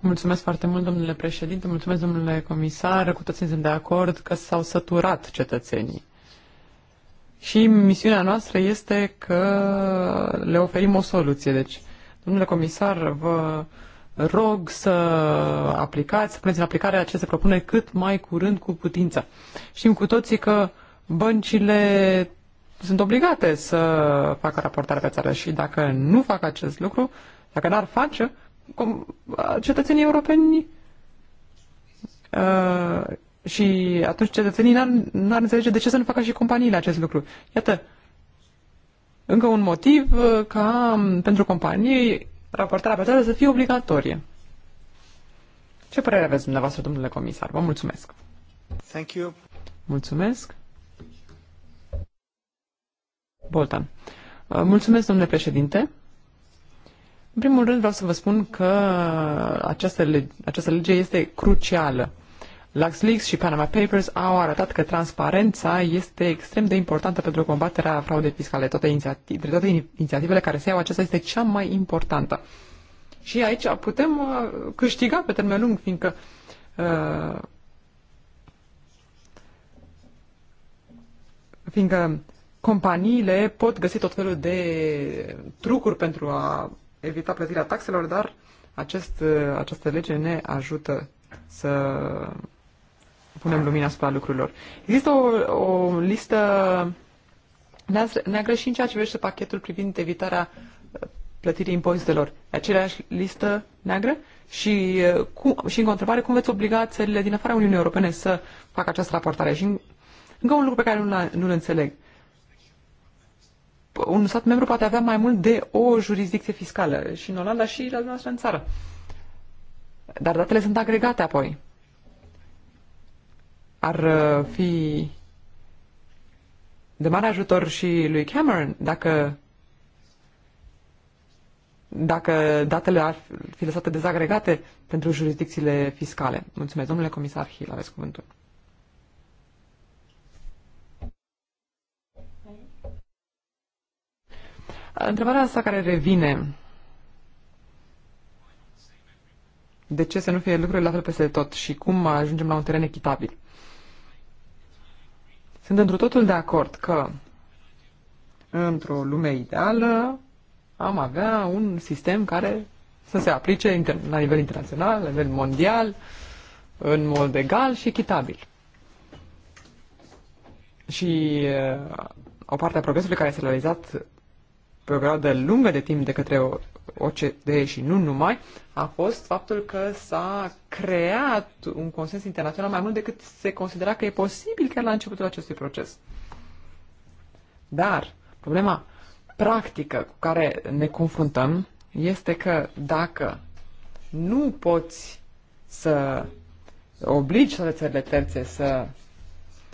S2: Mulțumesc foarte mult, domnule președinte, mulțumesc, domnule comisar. Cu toți suntem de acord că s-au săturat cetățenii. Și misiunea noastră este că le oferim o soluție. Deci, domnule comisar, vă rog să aplicați, să puneți în aplicare aceste propuneri cât mai curând cu putință. Știm cu toții că băncile sunt obligate să facă raportare pe țară și dacă nu fac acest lucru, dacă n-ar face, cum, cetățenii europeni uh, și atunci cetățenii n-ar, n-ar înțelege de ce să nu facă și companiile acest lucru. Iată, încă un motiv uh, ca um, pentru companii raportarea pe țară să fie obligatorie. Ce părere aveți dumneavoastră, domnule comisar? Vă mulțumesc. Thank you. Mulțumesc. Boltan. Uh, mulțumesc, domnule președinte. În primul rând vreau să vă spun că această, lege, această lege este crucială. LuxLeaks și Panama Papers au arătat că transparența este extrem de importantă pentru combaterea fraudei fiscale. Toate, inițiativ, toate inițiativele care se iau, aceasta este cea mai importantă. Și aici putem uh, câștiga pe termen lung, fiindcă uh, fiindcă companiile pot găsi tot felul de trucuri pentru a evita plătirea taxelor, dar acest, această lege ne ajută să punem lumina asupra lucrurilor. Există o, o listă neagră și în ceea ce vește pachetul privind evitarea plătirii impozitelor. Aceeași listă neagră? Și, cu, și încă o întrebare, cum veți obliga țările din afara Uniunii Europene să facă această raportare? Și încă un lucru pe care nu-l, nu înțeleg. Uh, un stat membru poate avea mai mult de o jurisdicție fiscală, și în Olanda, și la dumneavoastră în țară. Dar datele sunt agregate apoi. Ar uh, fi de mare ajutor și lui Cameron dacă dacă datele ar fi lăsate dezagregate pentru jurisdicțiile fiscale. Mulțumesc, domnule comisar Hill, aveți cuvântul. Întrebarea asta care revine, de ce să nu fie lucrurile la fel peste tot și cum ajungem la un teren echitabil? Sunt într totul de acord că într-o lume ideală am avea un sistem care să se aplice la nivel internațional, la nivel mondial, în mod egal și echitabil. Și uh, o parte a progresului care s-a realizat perioadă lungă de timp de către OCD și nu numai, a fost faptul că s-a creat un consens internațional mai mult decât se considera că e posibil chiar la începutul acestui proces. Dar problema practică cu care ne confruntăm este că dacă nu poți să obligi toate țările terțe să,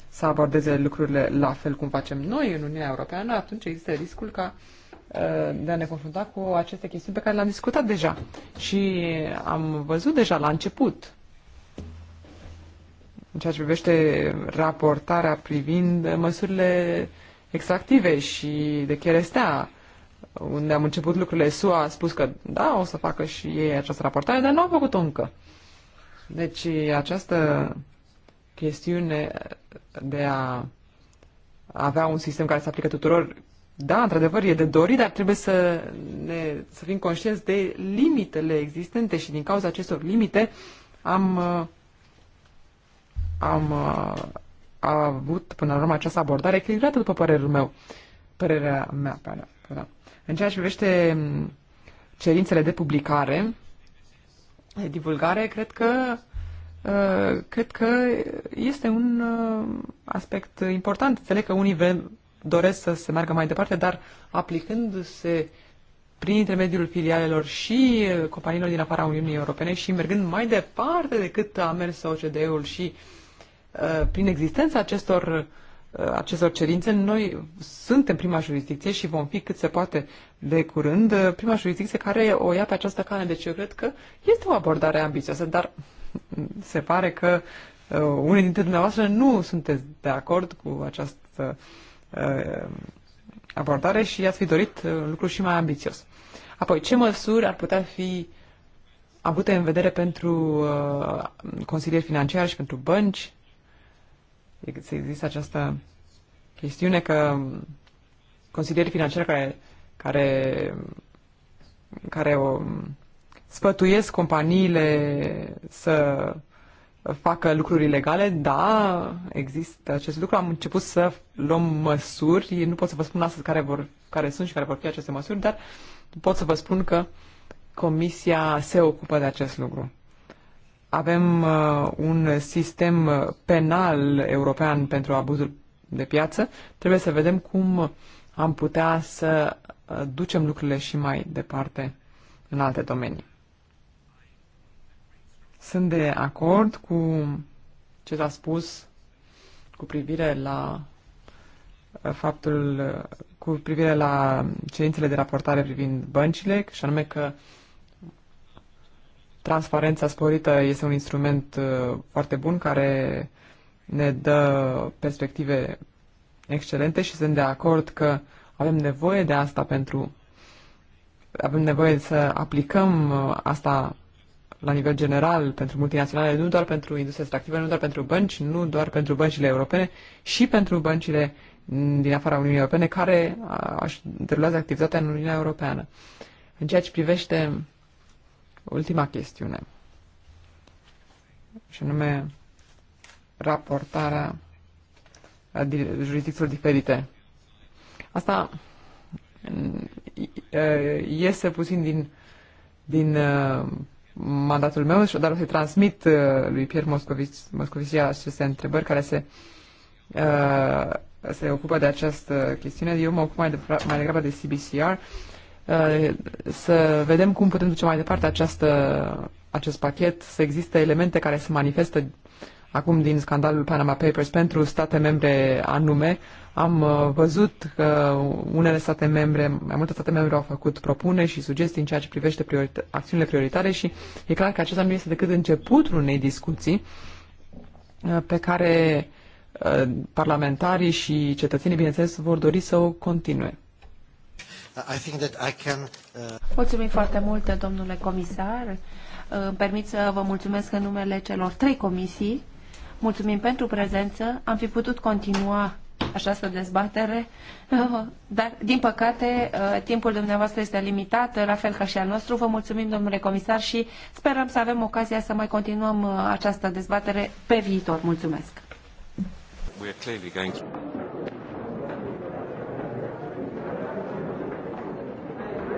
S2: să abordeze lucrurile la fel cum facem noi în Uniunea Europeană, atunci există riscul ca uh, Uh, de a ne confrunta cu aceste chestiuni pe care le-am discutat deja și am văzut deja la început în ceea ce privește raportarea privind măsurile extractive și de cherestea, unde am început lucrurile, SUA a spus că da, o să facă și ei această raportare, dar nu au făcut-o încă. Deci această chestiune de a avea un sistem care să aplică tuturor da, într-adevăr, e de dorit, dar trebuie să, ne, să fim conștienți de limitele existente și din cauza acestor limite am, uh, am uh, a avut până la urmă această abordare echilibrată, după părerea meu, părerea mea. până, până. În ceea ce privește mm, cerințele de publicare, de divulgare, cred că uh, cred că este un aspect important. Înțeleg că unii doresc să se meargă mai departe, dar aplicându-se prin intermediul filialelor și companiilor din afara Uniunii Europene și mergând mai departe decât a mers OCDE-ul și uh, prin existența acestor, uh, acestor cerințe, noi suntem prima jurisdicție și vom fi cât se poate de curând uh, prima jurisdicție care o ia pe această cale. Deci eu cred că este o abordare ambițioasă, dar se pare că unii dintre dumneavoastră nu sunteți de acord cu această Uh, abordare și ați fi dorit uh, lucru și mai ambițios. Apoi, ce măsuri ar putea fi avute în vedere pentru uh, consilieri financiari și pentru bănci? Să există această chestiune că consilierii financiari care, care, care o, sfătuiesc companiile să facă lucruri ilegale, da, există acest lucru. Am început să luăm măsuri, nu pot să vă spun astăzi care, vor, care sunt și care vor fi aceste măsuri, dar pot să vă spun că Comisia se ocupă de acest lucru. Avem uh, un sistem penal european pentru abuzul de piață. Trebuie să vedem cum am putea să uh, ducem lucrurile și mai departe în alte domenii. Sunt de acord cu ce s-a spus cu privire la uh, faptul, uh, cu privire la cerințele de raportare privind băncile, și anume că transparența sporită este un instrument uh, foarte bun care ne dă perspective excelente și sunt de acord că avem nevoie de asta pentru avem nevoie să aplicăm asta la nivel general pentru multinaționale, nu doar pentru industrie extractivă, nu doar pentru bănci, nu doar pentru băncile europene, și pentru băncile din afara Uniunii Europene care își derulează activitatea în Uniunea Europeană. În ceea ce privește ultima chestiune, și anume raportarea la jurisdicțiilor diferite. Asta mm, iese puțin din, din uh, mandatul meu, dar o să-i transmit uh, lui Pierre Moscovici, Moscovici aceste întrebări care se, uh, se ocupă de această chestiune. Eu mă ocup mai, de, mai degrabă de CBCR. Uh, să vedem cum putem duce mai departe această, acest pachet, să existe elemente care se manifestă acum din scandalul Panama Papers pentru state membre anume, am uh, văzut că unele state membre, mai multe state membre au făcut propuneri și sugestii în ceea ce privește priorita- acțiunile prioritare și e clar că acesta nu este decât începutul unei discuții uh, pe care uh, parlamentarii și cetățenii, bineînțeles, vor dori să o continue.
S1: I think that I can, uh...
S3: Mulțumim foarte mult, domnule comisar. Îmi permit să vă mulțumesc în numele celor trei comisii. Mulțumim pentru prezență. Am fi putut continua această dezbatere, uh, dar, din păcate, uh, timpul dumneavoastră este limitat, la fel ca și al nostru. Vă mulțumim, domnule comisar, și sperăm să avem ocazia să mai continuăm uh, această dezbatere pe viitor. Mulțumesc!